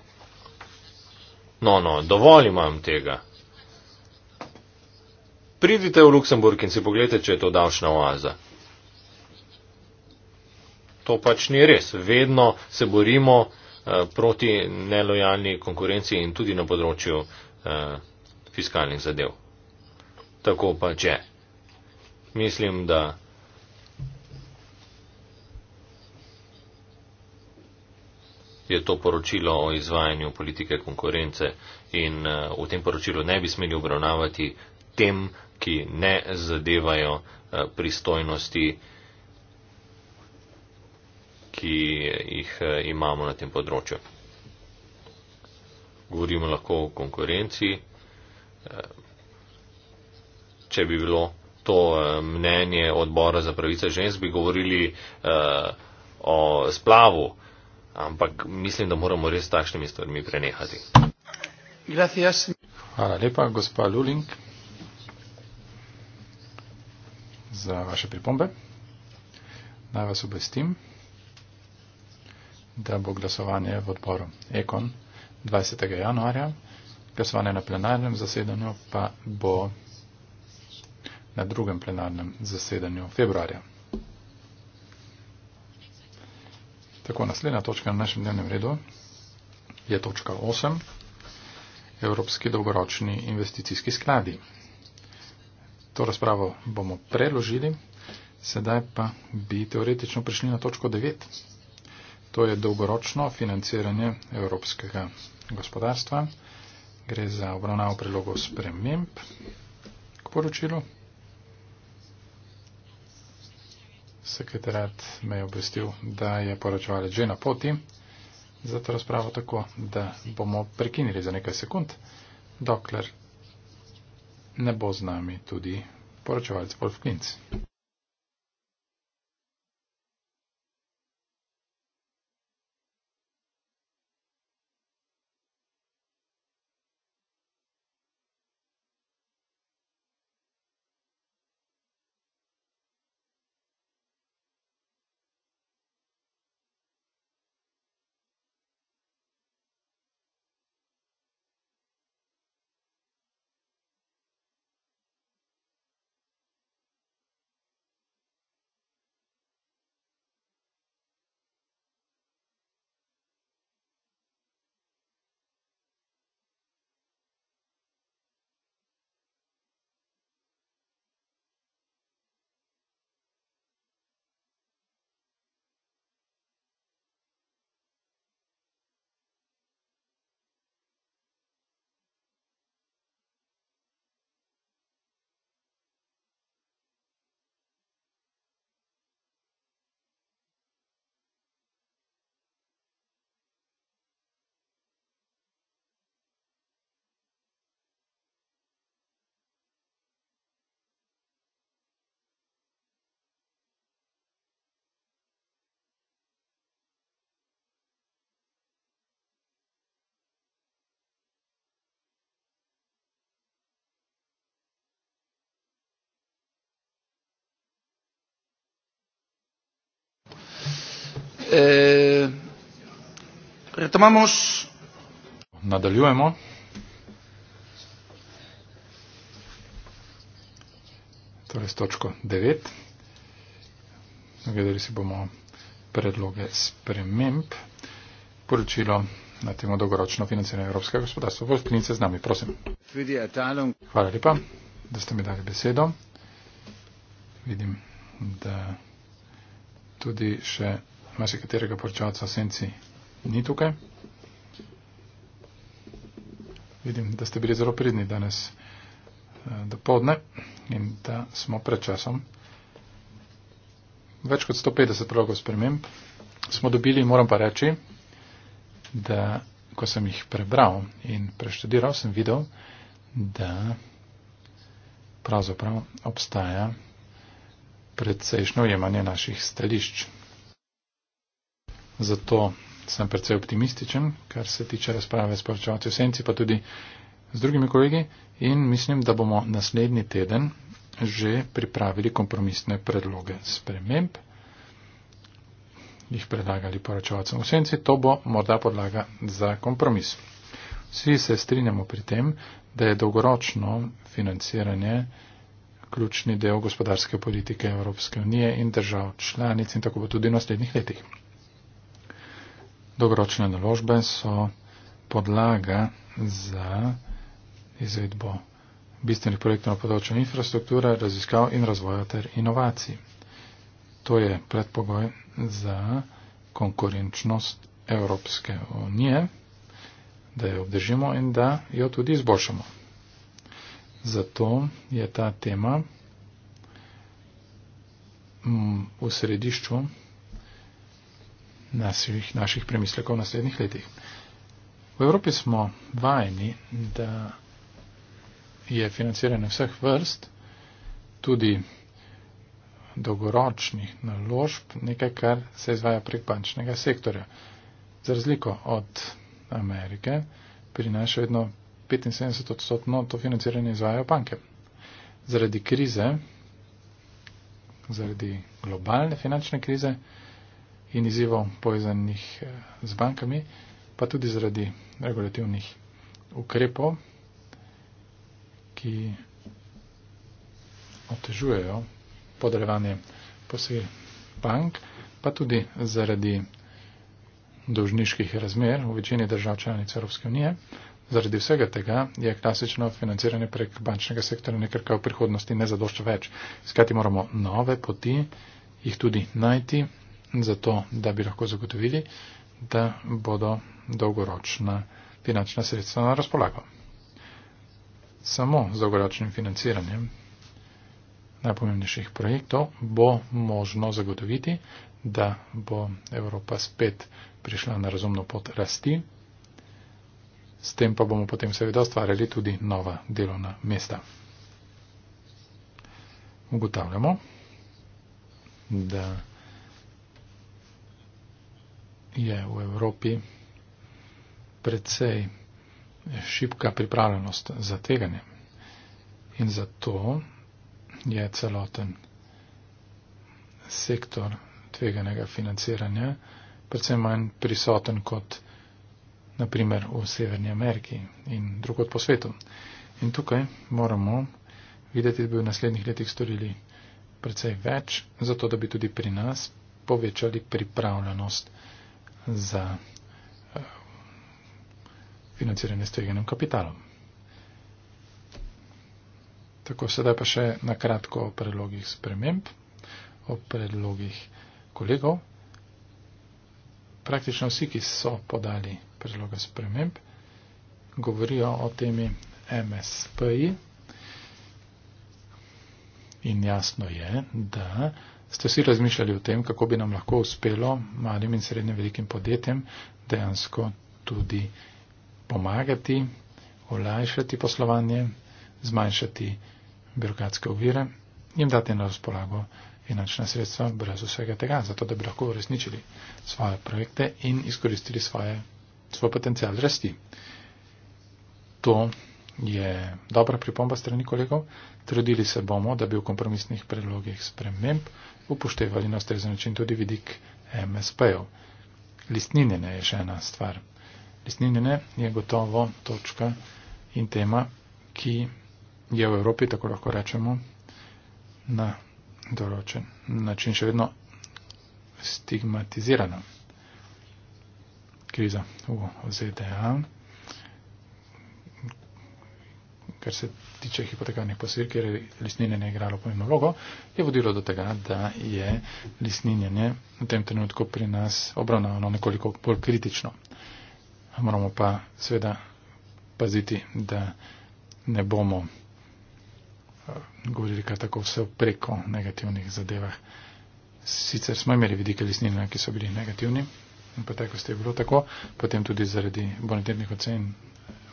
No, no, dovolj imam tega. Pridite v Luksemburg in si pogledajte, če je to davčna oaza. To pač ni res. Vedno se borimo uh, proti nelojalni konkurenci in tudi na področju uh, fiskalnih zadev. Tako pa če. Mislim, da je to poročilo o izvajanju politike konkurence in eh, v tem poročilu ne bi smeli obravnavati tem, ki ne zadevajo eh, pristojnosti, ki jih eh, imamo na tem področju. Govorimo lahko o konkurenciji. Eh, če bi bilo to eh, mnenje odbora za pravice žensk, bi govorili eh, o splavu. Ampak mislim, da moramo res takšnimi stvarmi prenehati. Gracias. Hvala lepa, gospa Luling, za vaše pripombe. Naj vas obvestim, da bo glasovanje v odboru Ekon 20. januarja glasovanje na plenarnem zasedanju pa bo na drugem plenarnem zasedanju februarja. Tako, naslednja točka na našem dnevnem redu je točka 8. Evropski dolgoročni investicijski skladi. To razpravo bomo preložili, sedaj pa bi teoretično prišli na točko 9. To je dolgoročno financiranje evropskega gospodarstva gre za obravnavo predlogov sprememb k poročilu. Sekretarat me je obvestil, da je poročevalec že na poti za to razpravo tako, da bomo prekinili za nekaj sekund, dokler ne bo z nami tudi poročevalec Wolf Klinc. Eh, retomamos nadaljujemo torej s točko 9 gledali si bomo predloge sprememb poročilo na temo dolgoročno financiranje evropskega gospodarstva. Vojtnice z nami, prosim. Hvala lepa, da ste mi dali besedo. Vidim, da tudi še Maši katerega porčavca senci ni tukaj. Vidim, da ste bili zelo pridni danes eh, do podne in da smo pred časom. Več kot 150 progov sprememb smo dobili, moram pa reči, da ko sem jih prebral in preštudiral, sem videl, da pravzaprav obstaja predsejšno jemanje naših stališč. Zato sem precej optimističen, kar se tiče razprave s poročevalci v senci, pa tudi z drugimi kolegi in mislim, da bomo naslednji teden že pripravili kompromisne predloge sprememb, jih predlagali poročevalcem v senci, to bo morda podlaga za kompromis. Vsi se strinjamo pri tem, da je dolgoročno financiranje ključni del gospodarske politike Evropske unije in držav članic in tako bo tudi v naslednjih letih dolgoročne naložbe so podlaga za izvedbo bistvenih projektov na področju infrastrukture, raziskav in razvoja ter inovacij. To je predpogoj za konkurenčnost Evropske unije, da jo obdržimo in da jo tudi izboljšamo. Zato je ta tema mm, v središču naših, naših premislekov v naslednjih letih. V Evropi smo vajeni, da je financiranje vseh vrst, tudi dolgoročnih naložb, nekaj, kar se izvaja prek bančnega sektorja. Za razliko od Amerike, pri nas še vedno 75 odstotno to financiranje izvajajo banke. Zaradi krize, zaradi globalne finančne krize, in izzivov povezanih eh, z bankami, pa tudi zaradi regulativnih ukrepov, ki otežujejo podrevanje posebej bank, pa tudi zaradi dolžniških razmer v večini držav članic Evropske unije. Zaradi vsega tega je klasično financiranje prek bančnega sektora nekaj, kar v prihodnosti ne zadošča več. Skrati moramo nove poti, jih tudi najti zato, da bi lahko zagotovili, da bodo dolgoročna finančna sredstva na razpolago. Samo z dolgoročnim financiranjem najpomembnejših projektov bo možno zagotoviti, da bo Evropa spet prišla na razumno pot rasti, s tem pa bomo potem seveda ustvarjali tudi nova delovna mesta. Ugotavljamo, da je v Evropi precej šibka pripravljenost za teganje. In zato je celoten sektor tveganega financiranja predvsem manj prisoten kot naprimer v Severni Ameriki in drugod po svetu. In tukaj moramo videti, da bi v naslednjih letih storili precej več, zato da bi tudi pri nas povečali pripravljenost za eh, financiranje s tveganim kapitalom. Tako sedaj pa še na kratko o predlogih sprememb, o predlogih kolegov. Praktično vsi, ki so podali predloge sprememb, govorijo o temi MSPI in jasno je, da Ste vsi razmišljali o tem, kako bi nam lahko uspelo malim in srednje velikim podjetjem dejansko tudi pomagati, olajšati poslovanje, zmanjšati birokratske ovire in dati na razpolago finančna sredstva brez vsega tega, zato da bi lahko uresničili svoje projekte in izkoristili svoje, svoj potencial rasti. To je dobra pripomba strani kolegov. Trudili se bomo, da bi v kompromisnih predlogih sprememb upoštevali na ustrezen način tudi vidik MSP-ev. Listninjene je še ena stvar. Listninjene je gotovo točka in tema, ki je v Evropi, tako lahko rečemo, na določen način še vedno stigmatizirana kriza v ZDA. kar se tiče hipotekarnih posil, kjer je lisninjenje igralo pomembno vlogo, je vodilo do tega, da je lisninjenje v tem trenutku pri nas obravnavano nekoliko bolj kritično. Moramo pa seveda paziti, da ne bomo eh, govorili kar tako vse preko negativnih zadevah. Sicer smo imeli vidike lisninjenja, ki so bili negativni, in pa tako ste bilo tako, potem tudi zaradi bonitetnih ocen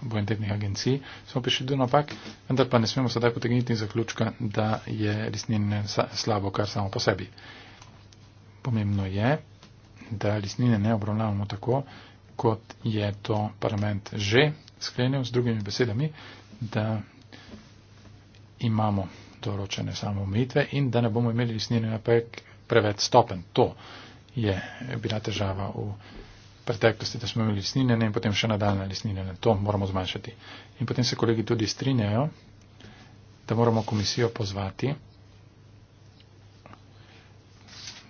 vojnih agencij, smo prišli do napak, vendar pa ne smemo sedaj potegniti zaključka, da je resnine slabo kar samo po sebi. Pomembno je, da resnine ne obravnavamo tako, kot je to parlament že sklenil, z drugimi besedami, da imamo določene samoumitve in da ne bomo imeli resnine napak preveč stopen. To je bila težava v preteklosti, da smo imeli lesninjenje in potem še nadaljne lesninjenje. To moramo zmanjšati. In potem se kolegi tudi strinjajo, da moramo komisijo pozvati,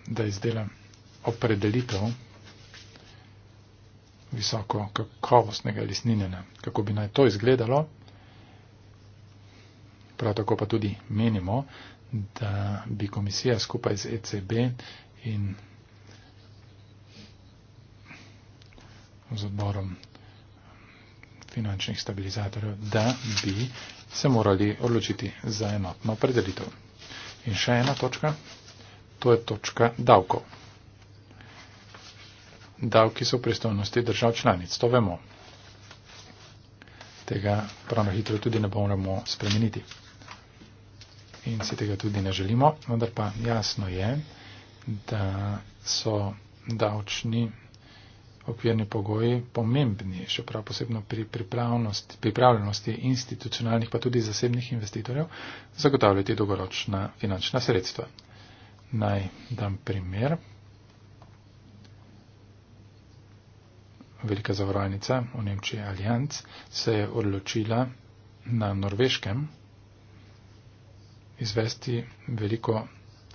da izdela opredelitev visoko kakovostnega lesninjenja, kako bi naj to izgledalo. Prav tako pa tudi menimo, da bi komisija skupaj z ECB in z odborom finančnih stabilizatorjev, da bi se morali odločiti za enotno predelitev. In še ena točka, to je točka davkov. Davki so v pristojnosti držav članic, to vemo. Tega prav na hitro tudi ne bomo spremeniti. In si tega tudi ne želimo, vendar pa jasno je, da so davčni okvirni pogoji pomembni, še prav posebno pri pripravnosti, pripravljenosti institucionalnih pa tudi zasebnih investitorjev, zagotavljati dolgoročna finančna sredstva. Naj dam primer. Velika zavarovalnica v Nemčiji Allianz se je odločila na norveškem izvesti veliko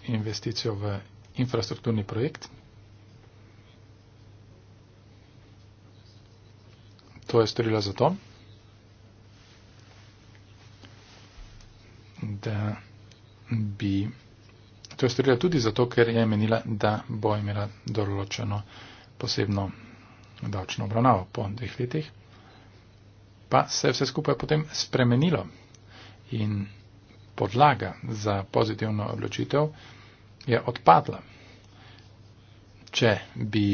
investicijo v infrastrukturni projekt, to je storila zato, da bi. To je storila tudi zato, ker je menila, da bo imela določeno posebno davčno obravnavo po dveh letih. Pa se je vse skupaj potem spremenilo in podlaga za pozitivno odločitev je odpadla. Če bi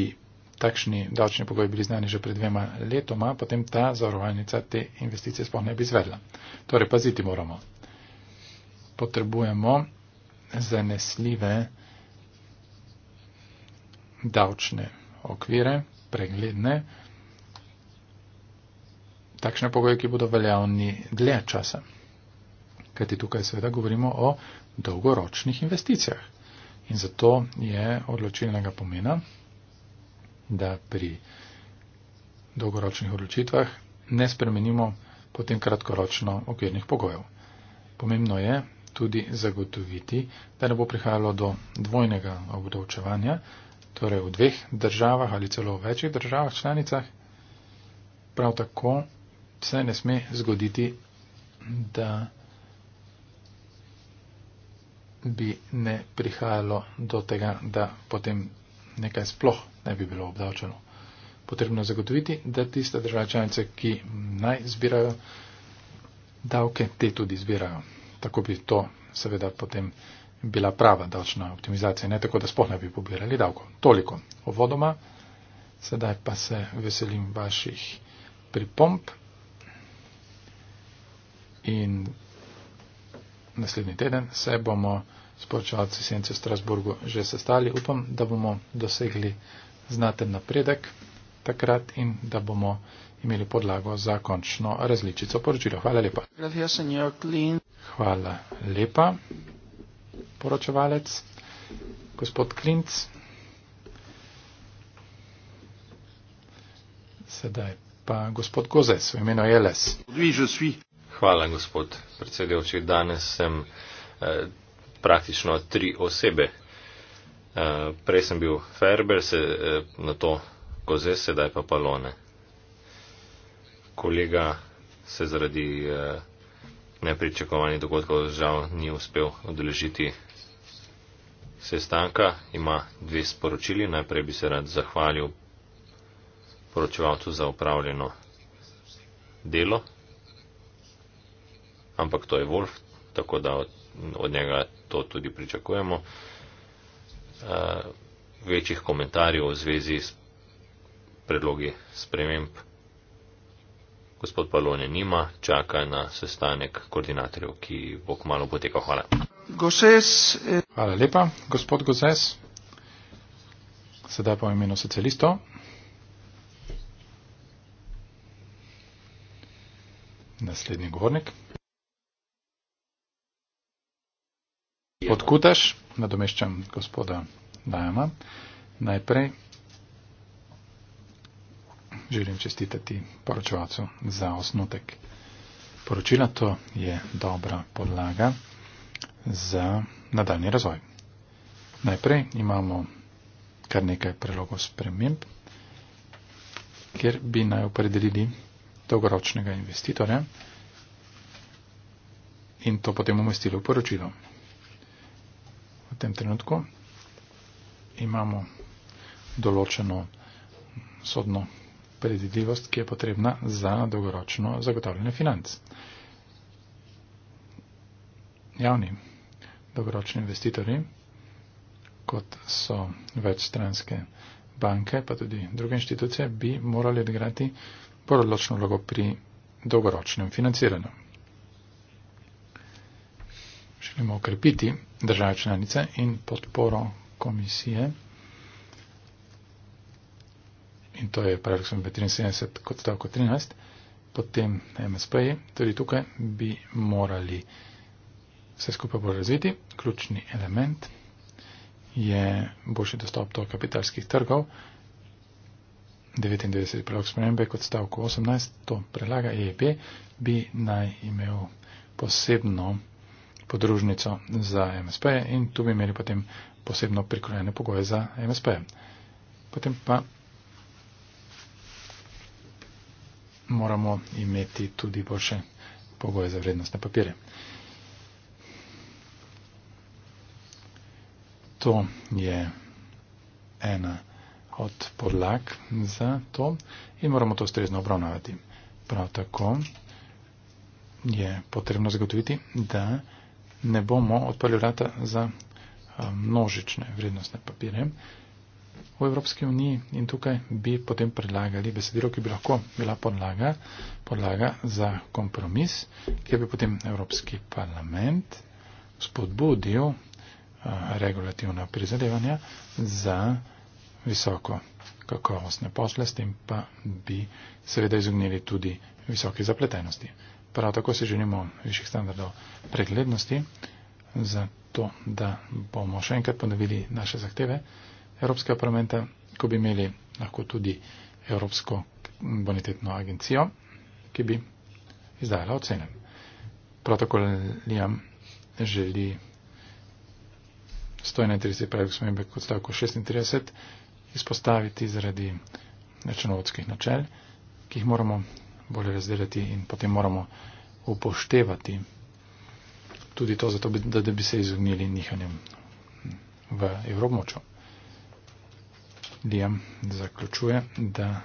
takšni davčni pogoji bili znani že pred dvema letoma, potem ta zavarovalnica te investicije sploh ne bi izvedla. Torej, paziti moramo. Potrebujemo zanesljive davčne okvire, pregledne, takšne pogoje, ki bodo veljavni dlje časa. Kajti tukaj seveda govorimo o dolgoročnih investicijah. In zato je odločilnega pomena, da pri dolgoročnih odločitvah ne spremenimo potem kratkoročno okvirnih pogojev. Pomembno je tudi zagotoviti, da ne bo prihajalo do dvojnega obdavčevanja, torej v dveh državah ali celo v večjih državah članicah. Prav tako se ne sme zgoditi, da bi ne prihajalo do tega, da potem nekaj sploh ne bi bilo obdavčeno. Potrebno je zagotoviti, da tiste države članice, ki naj zbirajo davke, te tudi zbirajo. Tako bi to seveda potem bila prava davčna optimizacija, ne tako, da sploh ne bi pobirali davko. Toliko o vodoma, sedaj pa se veselim vaših pripomp in naslednji teden se bomo sporočevalci Sence v Strasburgu že sestali. Upam, da bomo dosegli znaten napredek takrat in da bomo imeli podlago za končno različico poročila. Hvala lepa. Hvala lepa, poročevalec. Gospod Klinc. Sedaj pa gospod Kozes, v imenu Jeles. Hvala, gospod predsedujoči. Danes sem eh, praktično tri osebe. Eh, prej sem bil Ferber, se eh, na to koze, sedaj pa palone. Kolega se zaradi eh, nepričakovanih dogodkov žal ni uspel odeležiti sestanka. Ima dve sporočili. Najprej bi se rad zahvalil poročevalcu za upravljeno delo. Ampak to je Wolf, tako da od od njega to tudi pričakujemo. Eh, večjih komentarjev v zvezi s predlogi sprememb gospod Palone nima, čaka na sestanek koordinatorjev, ki bo kmalo potekal. Hvala. Gošes, eh. Hvala lepa, gospod Gozes. Sedaj pa imeno socialisto. Naslednji govornik. gospod Kutaš, nadomeščam gospoda Dajama. Najprej želim čestitati poročevalcu za osnutek poročila. To je dobra podlaga za nadaljni razvoj. Najprej imamo kar nekaj prelogov sprememb, kjer bi naj opredelili dolgoročnega investitorja in to potem umestili v poročilo v tem trenutku. Imamo določeno sodno predvidljivost, ki je potrebna za dolgoročno zagotavljanje financ. Javni dolgoročni investitorji, kot so večstranske banke, pa tudi druge inštitucije, bi morali odigrati poročno vlogo pri dolgoročnem financiranju želimo okrepiti države članice in podporo komisije. In to je paradoksom 73 kot stavko 13. Potem MSP-ji, tudi tukaj bi morali vse skupaj bolj razviti. Ključni element je boljši dostop do kapitalskih trgov. 99. prilog spremembe kot stavko 18, to prelaga EEP, bi naj imel posebno podružnico za MSP in tu bi imeli potem posebno prikrojene pogoje za MSP. Potem pa moramo imeti tudi boljše pogoje za vrednostne papire. To je ena od podlag za to in moramo to strezno obravnavati. Prav tako je potrebno zagotoviti, da ne bomo odprli vrata za um, množične vrednostne papirje v Evropski uniji in tukaj bi potem predlagali besedilo, ki bi lahko bila podlaga, podlaga za kompromis, kjer bi potem Evropski parlament spodbudil uh, regulativna prizadevanja za visoko kakovostne posle, s tem pa bi seveda izognili tudi visoke zapletenosti. Prav tako si želimo višjih standardov preglednosti, zato da bomo še enkrat ponovili naše zahteve Evropskega parlamenta, ko bi imeli lahko tudi Evropsko bonitetno agencijo, ki bi izdajala ocene. Protokol Jam želi 131, pravi smo imeli kot stavko 36, izpostaviti zaradi računovodskih načel, ki jih moramo bolje razdeliti in potem moramo upoštevati tudi to, zato, da, da bi se izognili nihanjem v evromočo. Lijam zaključuje, da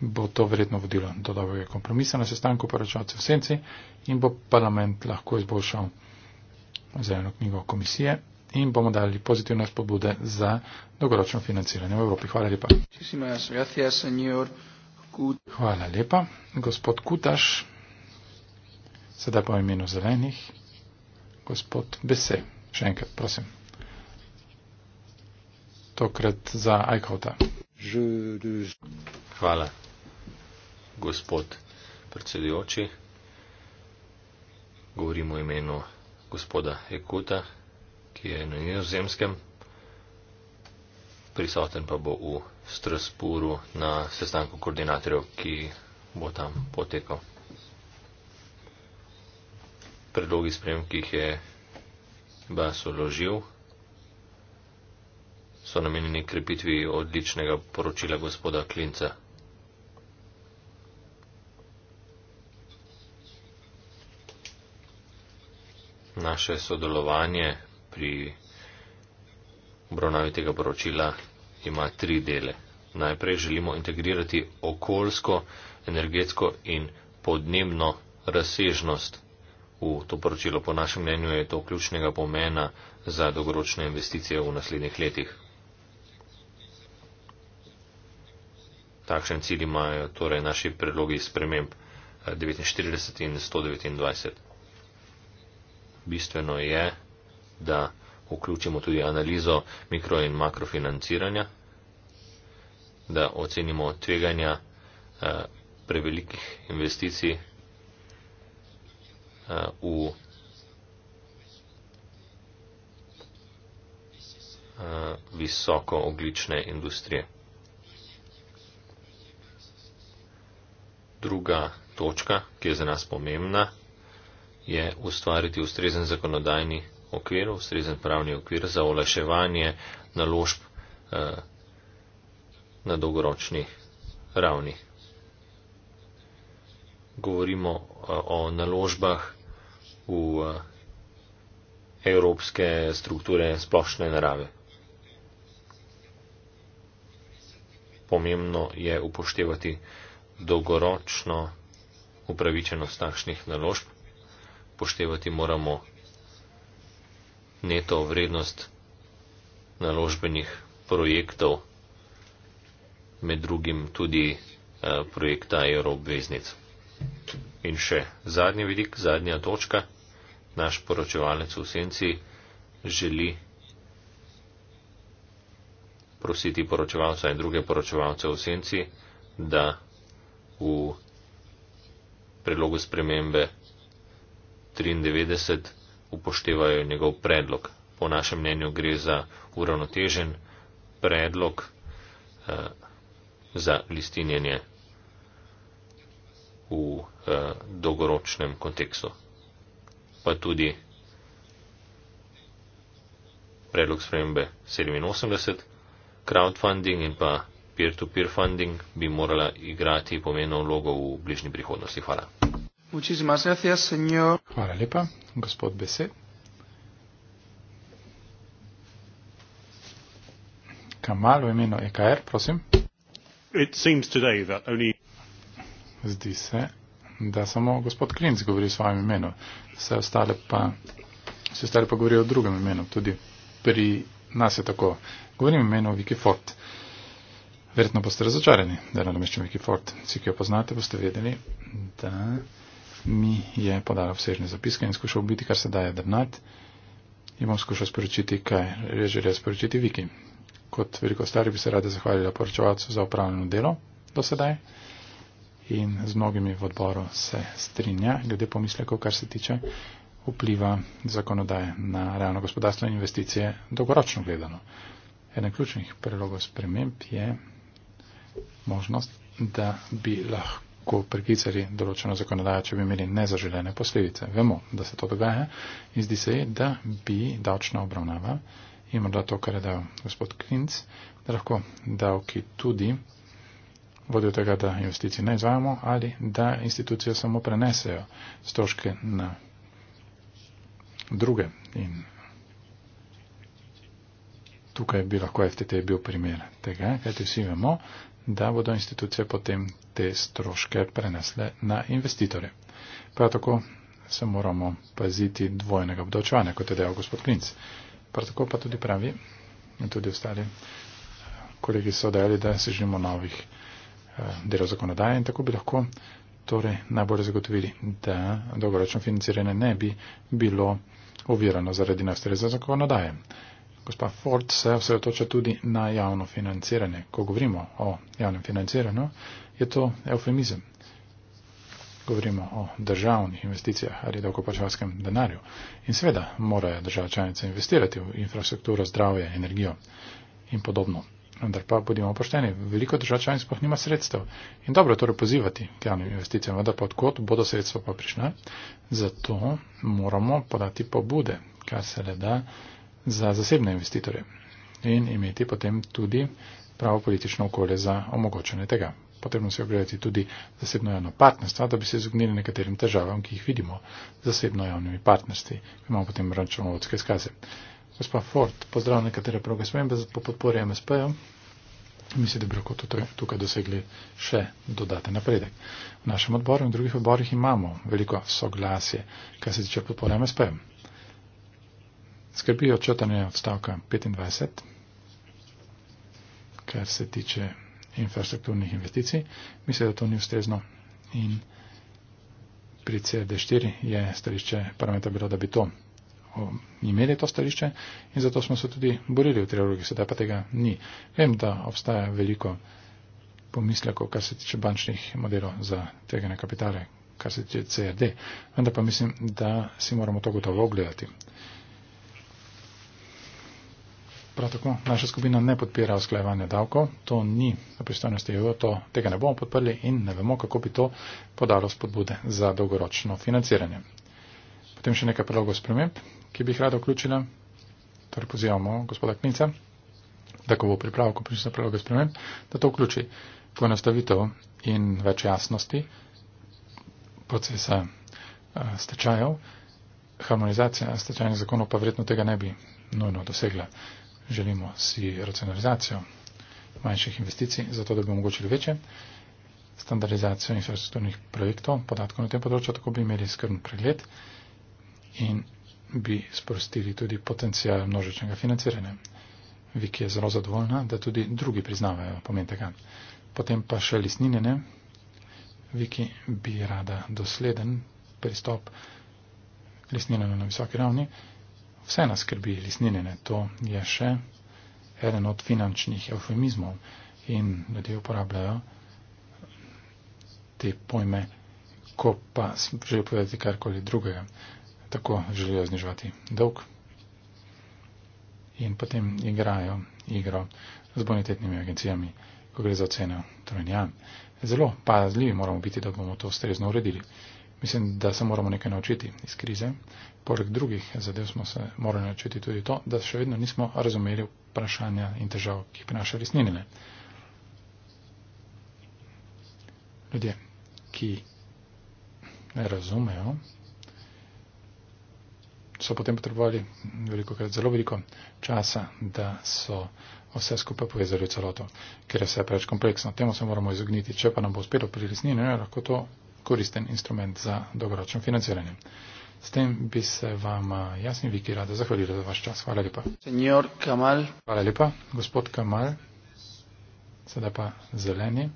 bo to verjetno vodilo do dobrega kompromisa na sestanku poročalcev v senci in bo parlament lahko izboljšal zeleno knjigo komisije in bomo dali pozitivne spodbude za dolgoročno financiranje v Evropi. Hvala lepa. Hvala lepa. Hvala lepa. Gospod Kutaš, sedaj pa v imenu zelenih. Gospod Bese, še enkrat, prosim. Tokrat za Ajkota. Hvala, gospod predsedujoči. Govorim v imenu gospoda Ekuta, ki je na nizozemskem prisoten pa bo v Strasburu na sestanku koordinatorjev, ki bo tam potekal. Predlogi sprem, ki jih je Bas uložil, so namenjeni krepitvi odličnega poročila gospoda Klinca. Naše sodelovanje pri obravnavi tega poročila ima tri dele. Najprej želimo integrirati okoljsko, energetsko in podnebno razsežnost v to poročilo. Po našem mnenju je to ključnega pomena za dolgoročne investicije v naslednjih letih. Takšen cilj imajo torej naši predlogi sprememb 49 eh, in 129. Bistveno je, da vključimo tudi analizo mikro in makrofinanciranja, da ocenimo tveganja eh, prevelikih investicij eh, v eh, visoko oglične industrije. Druga točka, ki je za nas pomembna, je ustvariti ustrezen zakonodajni okvir, ustrezen pravni okvir za olaševanje naložb eh, na dolgoročnih ravnih. Govorimo eh, o naložbah v eh, evropske strukture splošne narave. Pomembno je upoštevati dolgoročno upravičenost takšnih naložb, upoštevati moramo neto vrednost naložbenih projektov, med drugim tudi eh, projekta Euroobveznic. In še zadnji vidik, zadnja točka, naš poročevalec v senci želi prositi poročevalca in druge poročevalce v senci, da v predlogu spremembe 93 upoštevajo njegov predlog. Po našem mnenju gre za uravnotežen predlog eh, za listinjenje v eh, dolgoročnem kontekstu. Pa tudi predlog spremembe 87, crowdfunding in pa peer-to-peer funding bi morala igrati pomenov vlogo v bližnji prihodnosti. Hvala. Muchísimas gracias, señor. Hvala lepa, gospod Bese. Kamal, v imenu EKR, prosim. It seems today that only... Zdi se, da samo gospod Klinc govori o svojem imenu. Vse ostale pa, vse ostale pa govori o drugem imenu. Tudi pri nas je tako. Govorim imenu Wikifort. Verjetno boste razočarani, da je na namestju Wikifort. Vsi, ki jo poznate, boste vedeli, da mi je podala obsežne zapiske in skušal biti, kar se daje drnat, in bom skušal sporočiti, kaj je želel sporočiti Viki. Kot veliko stari bi se rade zahvalila poročevalcu za upravljeno delo do sedaj in z mnogimi v odboru se strinja glede pomislekov, kar se tiče vpliva zakonodaje na realno gospodarstvo in investicije dolgoročno gledano. Eden ključnih predlogov sprememb je možnost, da bi lahko lahko preklicali določeno zakonodajo, če bi imeli nezaželene posledice. Vemo, da se to dogaja in zdi se, da bi davčna obravnava in morda to, kar je dal gospod Klinc, da lahko davki tudi vodijo tega, da investicij ne izvajamo ali da institucijo samo prenesejo stroške na druge. In tukaj bi lahko FTT bil primer tega, kajti vsi vemo, da bodo institucije potem te stroške prenesle na investitore. Prav tako se moramo paziti dvojnega obdočevanja, kot je dejal gospod Klinc. Prav tako pa tudi pravi in tudi ostali eh, kolegi so dejali, da se želimo novih eh, delov zakonodaje in tako bi lahko torej najbolj zagotovili, da dolgoročno financiranje ne bi bilo ovirano zaradi neustreza zakonodaje gospa Ford se osredotoča tudi na javno financiranje. Ko govorimo o javnem financiranju, je to eufemizem. Govorimo o državnih investicijah ali davkoplačevalskem denarju. In seveda morajo države članice investirati v infrastrukturo, zdravje, energijo in podobno. Vendar pa bodimo pošteni, veliko držav članic pa nima sredstev. In dobro je torej pozivati k javnim investicijam, vendar pa odkot bodo sredstva pa prišla, zato moramo podati pobude, kar se le da za zasebne investitorje in imeti potem tudi pravo politično okolje za omogočanje tega. Potrebno se je ogledati tudi zasebno javno partnerstvo, da bi se izognili nekaterim težavam, ki jih vidimo z zasebno javnimi partnerstvi. Imamo potem računovodske skaze. Gospa Ford, pozdrav nekatere proge spremembe po podpori MSP-ja. Mislim, da bi lahko tukaj, tukaj dosegli še dodaten napredek. V našem odboru in drugih odborih imamo veliko soglasje, kar se tiče podpore MSP-ja skrbijo črtanje odstavka 25, kar se tiče infrastrukturnih investicij. Mislim, da to ni ustrezno in pri CD4 je stališče parlamenta bilo, da bi to imeli to stališče in zato smo se tudi borili v trilogi, sedaj pa tega ni. Vem, da obstaja veliko pomisleko, kar se tiče bančnih modelov za tega na kapitale, kar se tiče CRD, vendar pa mislim, da si moramo to gotovo ogledati. Prav tako naša skupina ne podpira usklajevanja davkov, to ni na pristojnosti EU, to tega ne bomo podprli in ne vemo, kako bi to podalo spodbude za dolgoročno financiranje. Potem še nekaj predlogov sprememb, ki bi jih rada vključila. Torej pozivamo gospoda Kmica, da ko bo pripravil kompromisne predloge sprememb, da to vključi poenostavitev in več jasnosti procesa eh, stečajev. Harmonizacija stečajnih zakonov pa verjetno tega ne bi nujno dosegla želimo si racionalizacijo manjših investicij, zato da bi omogočili večje standardizacijo infrastrukturnih projektov, podatkov na tem področju, tako bi imeli skrben pregled in bi sprostili tudi potencijal množičnega financiranja. Viki je zelo zadovoljna, da tudi drugi priznavajo pomen tega. Potem pa še listninjene. Viki bi rada dosleden pristop listninjene na visoki ravni. Vse nas skrbi lisninjenje, to je še eden od finančnih eufemizmov in ljudje uporabljajo te pojme, ko pa želijo povedati karkoli drugega, tako želijo znižati dolg in potem igrajo igro z bonitetnimi agencijami, ko gre za ceno trojnja. Zelo pazljivi moramo biti, da bomo to ustrezno uredili. Mislim, da se moramo nekaj naučiti iz krize. Poleg drugih zadev smo se morali naučiti tudi to, da še vedno nismo razumeli vprašanja in težav, ki prinaša resninile. Ljudje, ki razumejo, so potem potrebovali veliko krat, zelo veliko časa, da so vse skupaj povezali celoto, ker je vse preveč kompleksno. Temu se moramo izogniti. Če pa nam bo uspelo pri resnini, lahko to koristen instrument za dolgoročno financiranje. S tem bi se vam eh, jaz in Viki rada zahvalila za vaš čas. Hvala lepa. Senjor Kamal. Hvala lepa, gospod Kamal. Sedaj pa zeleni.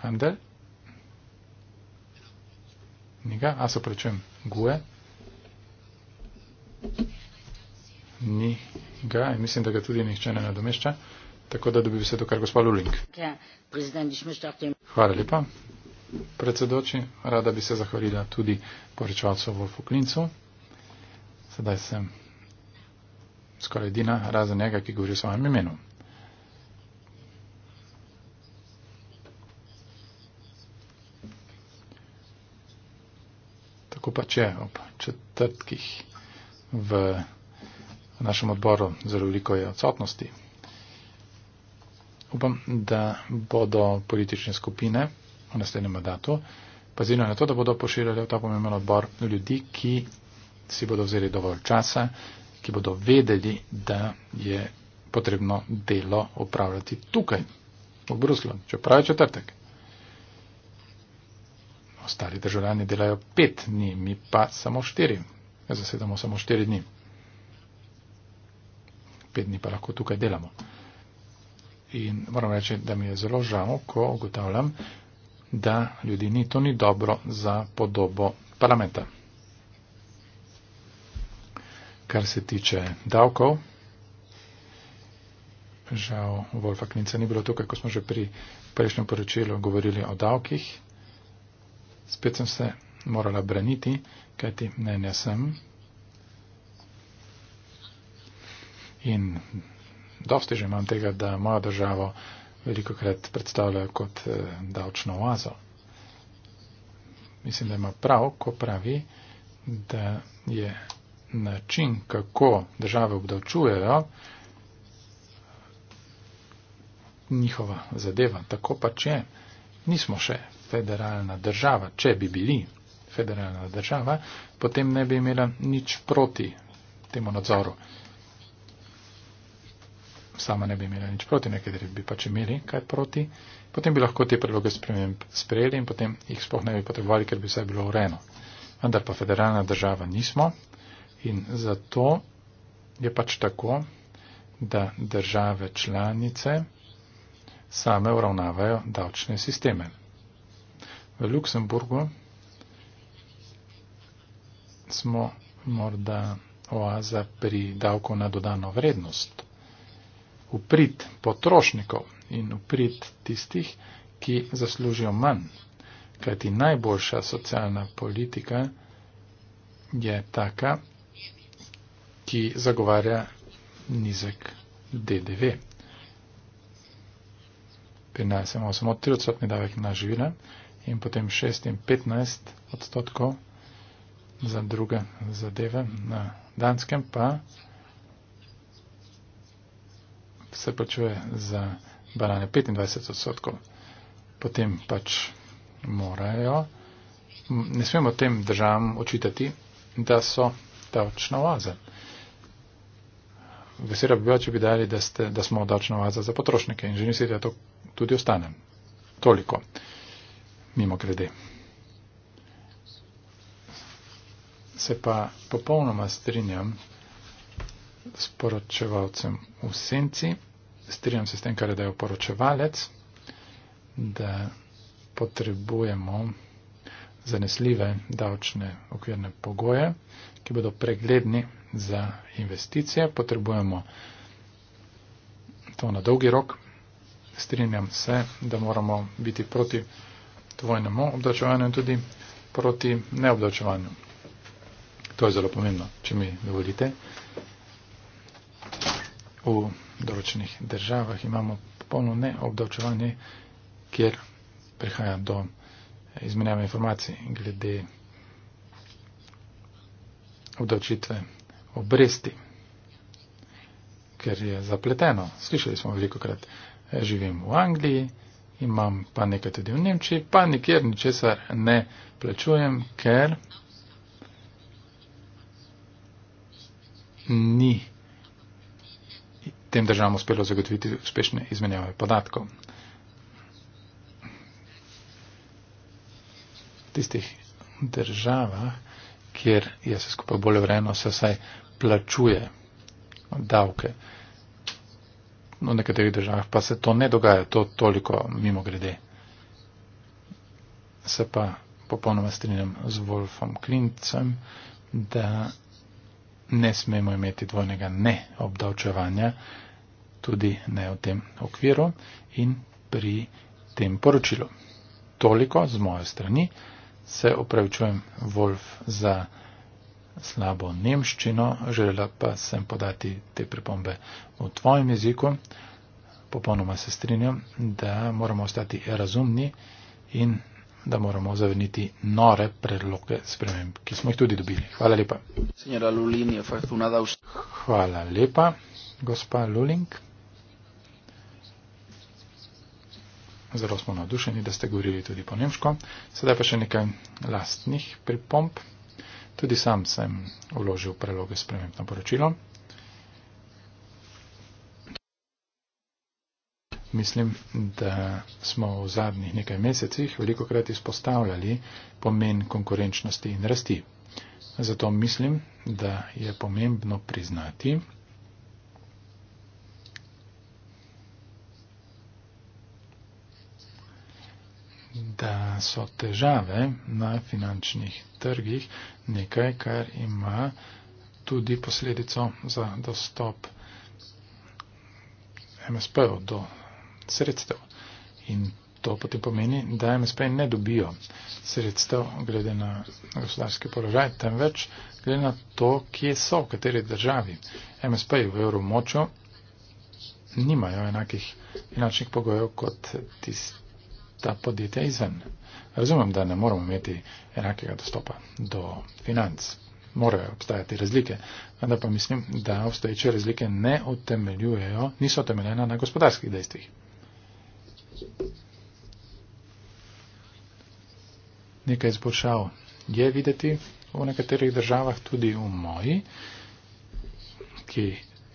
Handel. Njega, a se prečujem, Gue. Ni ga in mislim, da ga tudi nihče ne nadomešča. Tako da dobi besedo kar gospod Lulink. Hvala lepa predsedoči, rada bi se zahvalila tudi poročevalcu v Foklincu. Sedaj sem skoraj edina razen njega, ki govori o svojem imenu. Tako pa če ob četrtkih v našem odboru zelo veliko je odsotnosti. Upam, da bodo politične skupine v naslednjem mandatu, pazili na to, da bodo poširjali v ta pomemben odbor ljudi, ki si bodo vzeli dovolj časa, ki bodo vedeli, da je potrebno delo upravljati tukaj, v Bruslu, če pravi četrtek. Ostali državljani delajo pet dni, mi pa samo štiri. Ja, zasedamo samo štiri dni. Pet dni pa lahko tukaj delamo. In moram reči, da mi je zelo žal, ko ugotavljam, da ljudi ni, to ni dobro za podobo parlamenta. Kar se tiče davkov, žal Wolfa Klinca ni bilo tukaj, ko smo že pri prejšnjem poročilu govorili o davkih, spet sem se morala braniti, kajti mnenja sem in dosti že imam tega, da mojo državo veliko krat predstavljajo kot eh, davčno oazo. Mislim, da ima prav, ko pravi, da je način, kako države obdavčujejo, njihova zadeva. Tako pač je. Nismo še federalna država. Če bi bili federalna država, potem ne bi imela nič proti temu nadzoru sama ne bi imela nič proti, nekateri bi pač imeli kaj proti, potem bi lahko te predloge sprememb sprejeli in potem jih sploh ne bi potrebovali, ker bi vse bilo urejeno. Vendar pa federalna država nismo in zato je pač tako, da države članice same uravnavajo davčne sisteme. V Luksemburgu smo morda oaza pri davku na dodano vrednost uprit potrošnikov in uprit tistih, ki zaslužijo manj. Kajti najboljša socialna politika je taka, ki zagovarja nizek DDV. Pri nas imamo samo 3 odstotni davek na živila in potem 6 in 15 odstotkov za druge zadeve na danskem pa se plačuje za banane 25 odstotkov. Potem pač morajo, ne smemo tem državam očitati, da so davčna oaza. Vesela bi bila, če bi dali, da, ste, da smo davčna oaza za potrošnike in že mislite, da to tudi ostane. Toliko. Mimo grede. Se pa popolnoma strinjam sporočevalcem v senci. Strijam se s tem, kar je dejal poročevalec, da potrebujemo zanesljive davčne okvirne pogoje, ki bodo pregledni za investicije. Potrebujemo to na dolgi rok. Strinjam se, da moramo biti proti dvojnemu obdavčevanju in tudi proti neobdavčevanju. To je zelo pomembno, če mi dovolite v določenih državah imamo popolno neobdavčevanje, kjer prihaja do izmenjave informacij glede obdavčitve obresti, ker je zapleteno. Slišali smo veliko krat, živim v Angliji, imam pa nekaj tudi v Nemčiji, pa nikjer ničesar ne plačujem, ker ni tem državam uspelo zagotoviti uspešne izmenjave podatkov. V tistih državah, kjer je se skupaj bolje vredno, se vsaj plačuje davke. V nekaterih državah pa se to ne dogaja, to toliko mimo grede. Se pa popolnoma strinjam z Wolfom Klincem, da ne smemo imeti dvojnega ne obdavčevanja, tudi ne v tem okviru in pri tem poročilu. Toliko z moje strani. Se upravičujem, Wolf, za slabo nemščino, želela pa sem podati te pripombe v tvojem jeziku. Popolnoma se strinjam, da moramo ostati razumni in da moramo zavrniti nore predloge sprememb, ki smo jih tudi dobili. Hvala lepa. Hvala lepa, gospa Luling. zelo smo navdušeni, da ste govorili tudi po nemško. Sedaj pa še nekaj lastnih pripomp. Tudi sam sem vložil preloge sprememb na poročilo. Mislim, da smo v zadnjih nekaj mesecih veliko krat izpostavljali pomen konkurenčnosti in rasti. Zato mislim, da je pomembno priznati, da so težave na finančnih trgih nekaj, kar ima tudi posledico za dostop MSP-ov do sredstev. In to potem pomeni, da MSP ne dobijo sredstev glede na gospodarski položaj, temveč glede na to, kje so, v kateri državi. MSP v evromočo nimajo enakih finančnih pogojev kot tisti ta podjetja izven. Razumem, da ne moramo imeti enakega dostopa do financ. Morajo obstajati razlike, vendar pa mislim, da obstoječe razlike ne utemeljujejo, niso utemeljene na gospodarskih dejstvih. Nekaj izboljšav je videti v nekaterih državah, tudi v moji, ki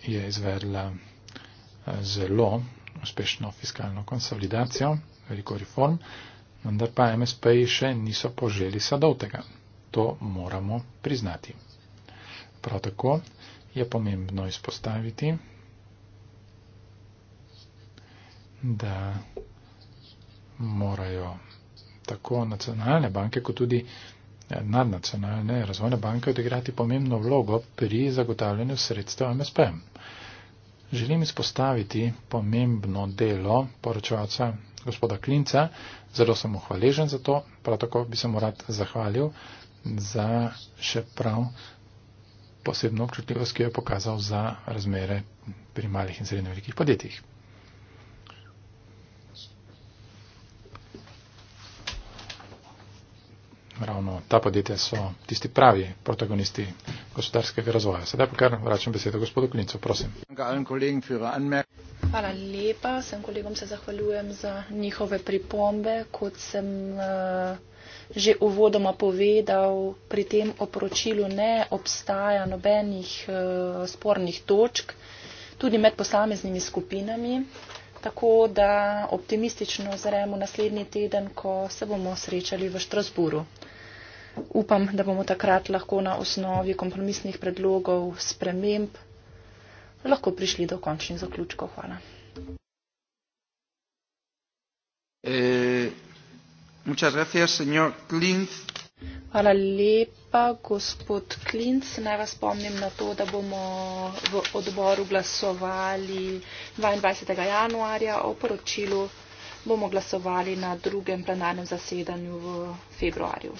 je izvedla eh, zelo uspešno fiskalno konsolidacijo veliko reform, vendar pa MSP-ji še niso poželi sadov tega. To moramo priznati. Prav tako je pomembno izpostaviti, da morajo tako nacionalne banke, kot tudi eh, nadnacionalne razvojne banke odigrati pomembno vlogo pri zagotavljanju sredstev MSP. Želim izpostaviti pomembno delo poročevalca gospoda Klinca. Zelo sem mu hvaležen za to, prav tako bi se mu rad zahvalil za še prav posebno občutljivost, ki jo je pokazal za razmere pri malih in srednje velikih podjetjih. Ravno ta podjetja so tisti pravi protagonisti gospodarskega razvoja. Sedaj pa kar vračam besedo gospodu Klincu, prosim. Hvala lepa. Sem kolegom se zahvaljujem za njihove pripombe. Kot sem eh, že uvodoma povedal, pri tem opročilu ne obstaja nobenih eh, spornih točk, tudi med posameznimi skupinami. Tako da optimistično zremo naslednji teden, ko se bomo srečali v Štrasburu. Upam, da bomo takrat lahko na osnovi kompromisnih predlogov sprememb lahko prišli do končnih zaključkov. Hvala. Eh, Hvala lepa, gospod Klinc. Naj vas spomnim na to, da bomo v odboru glasovali 22. januarja o poročilu. Bomo glasovali na drugem plenarnem zasedanju v februarju.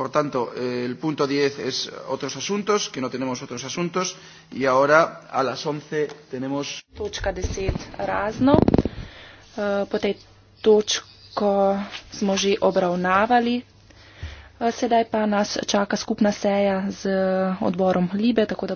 Por tanto, eh, el punto 10 es otros asuntos, que no tenemos otros asuntos, y ahora a las 11 tenemos. Tučka 10 razno. Uh, po tej točko smo že obravnavali. Uh, sedaj pa nas čaka skupna seja z odborom Libe, tako da.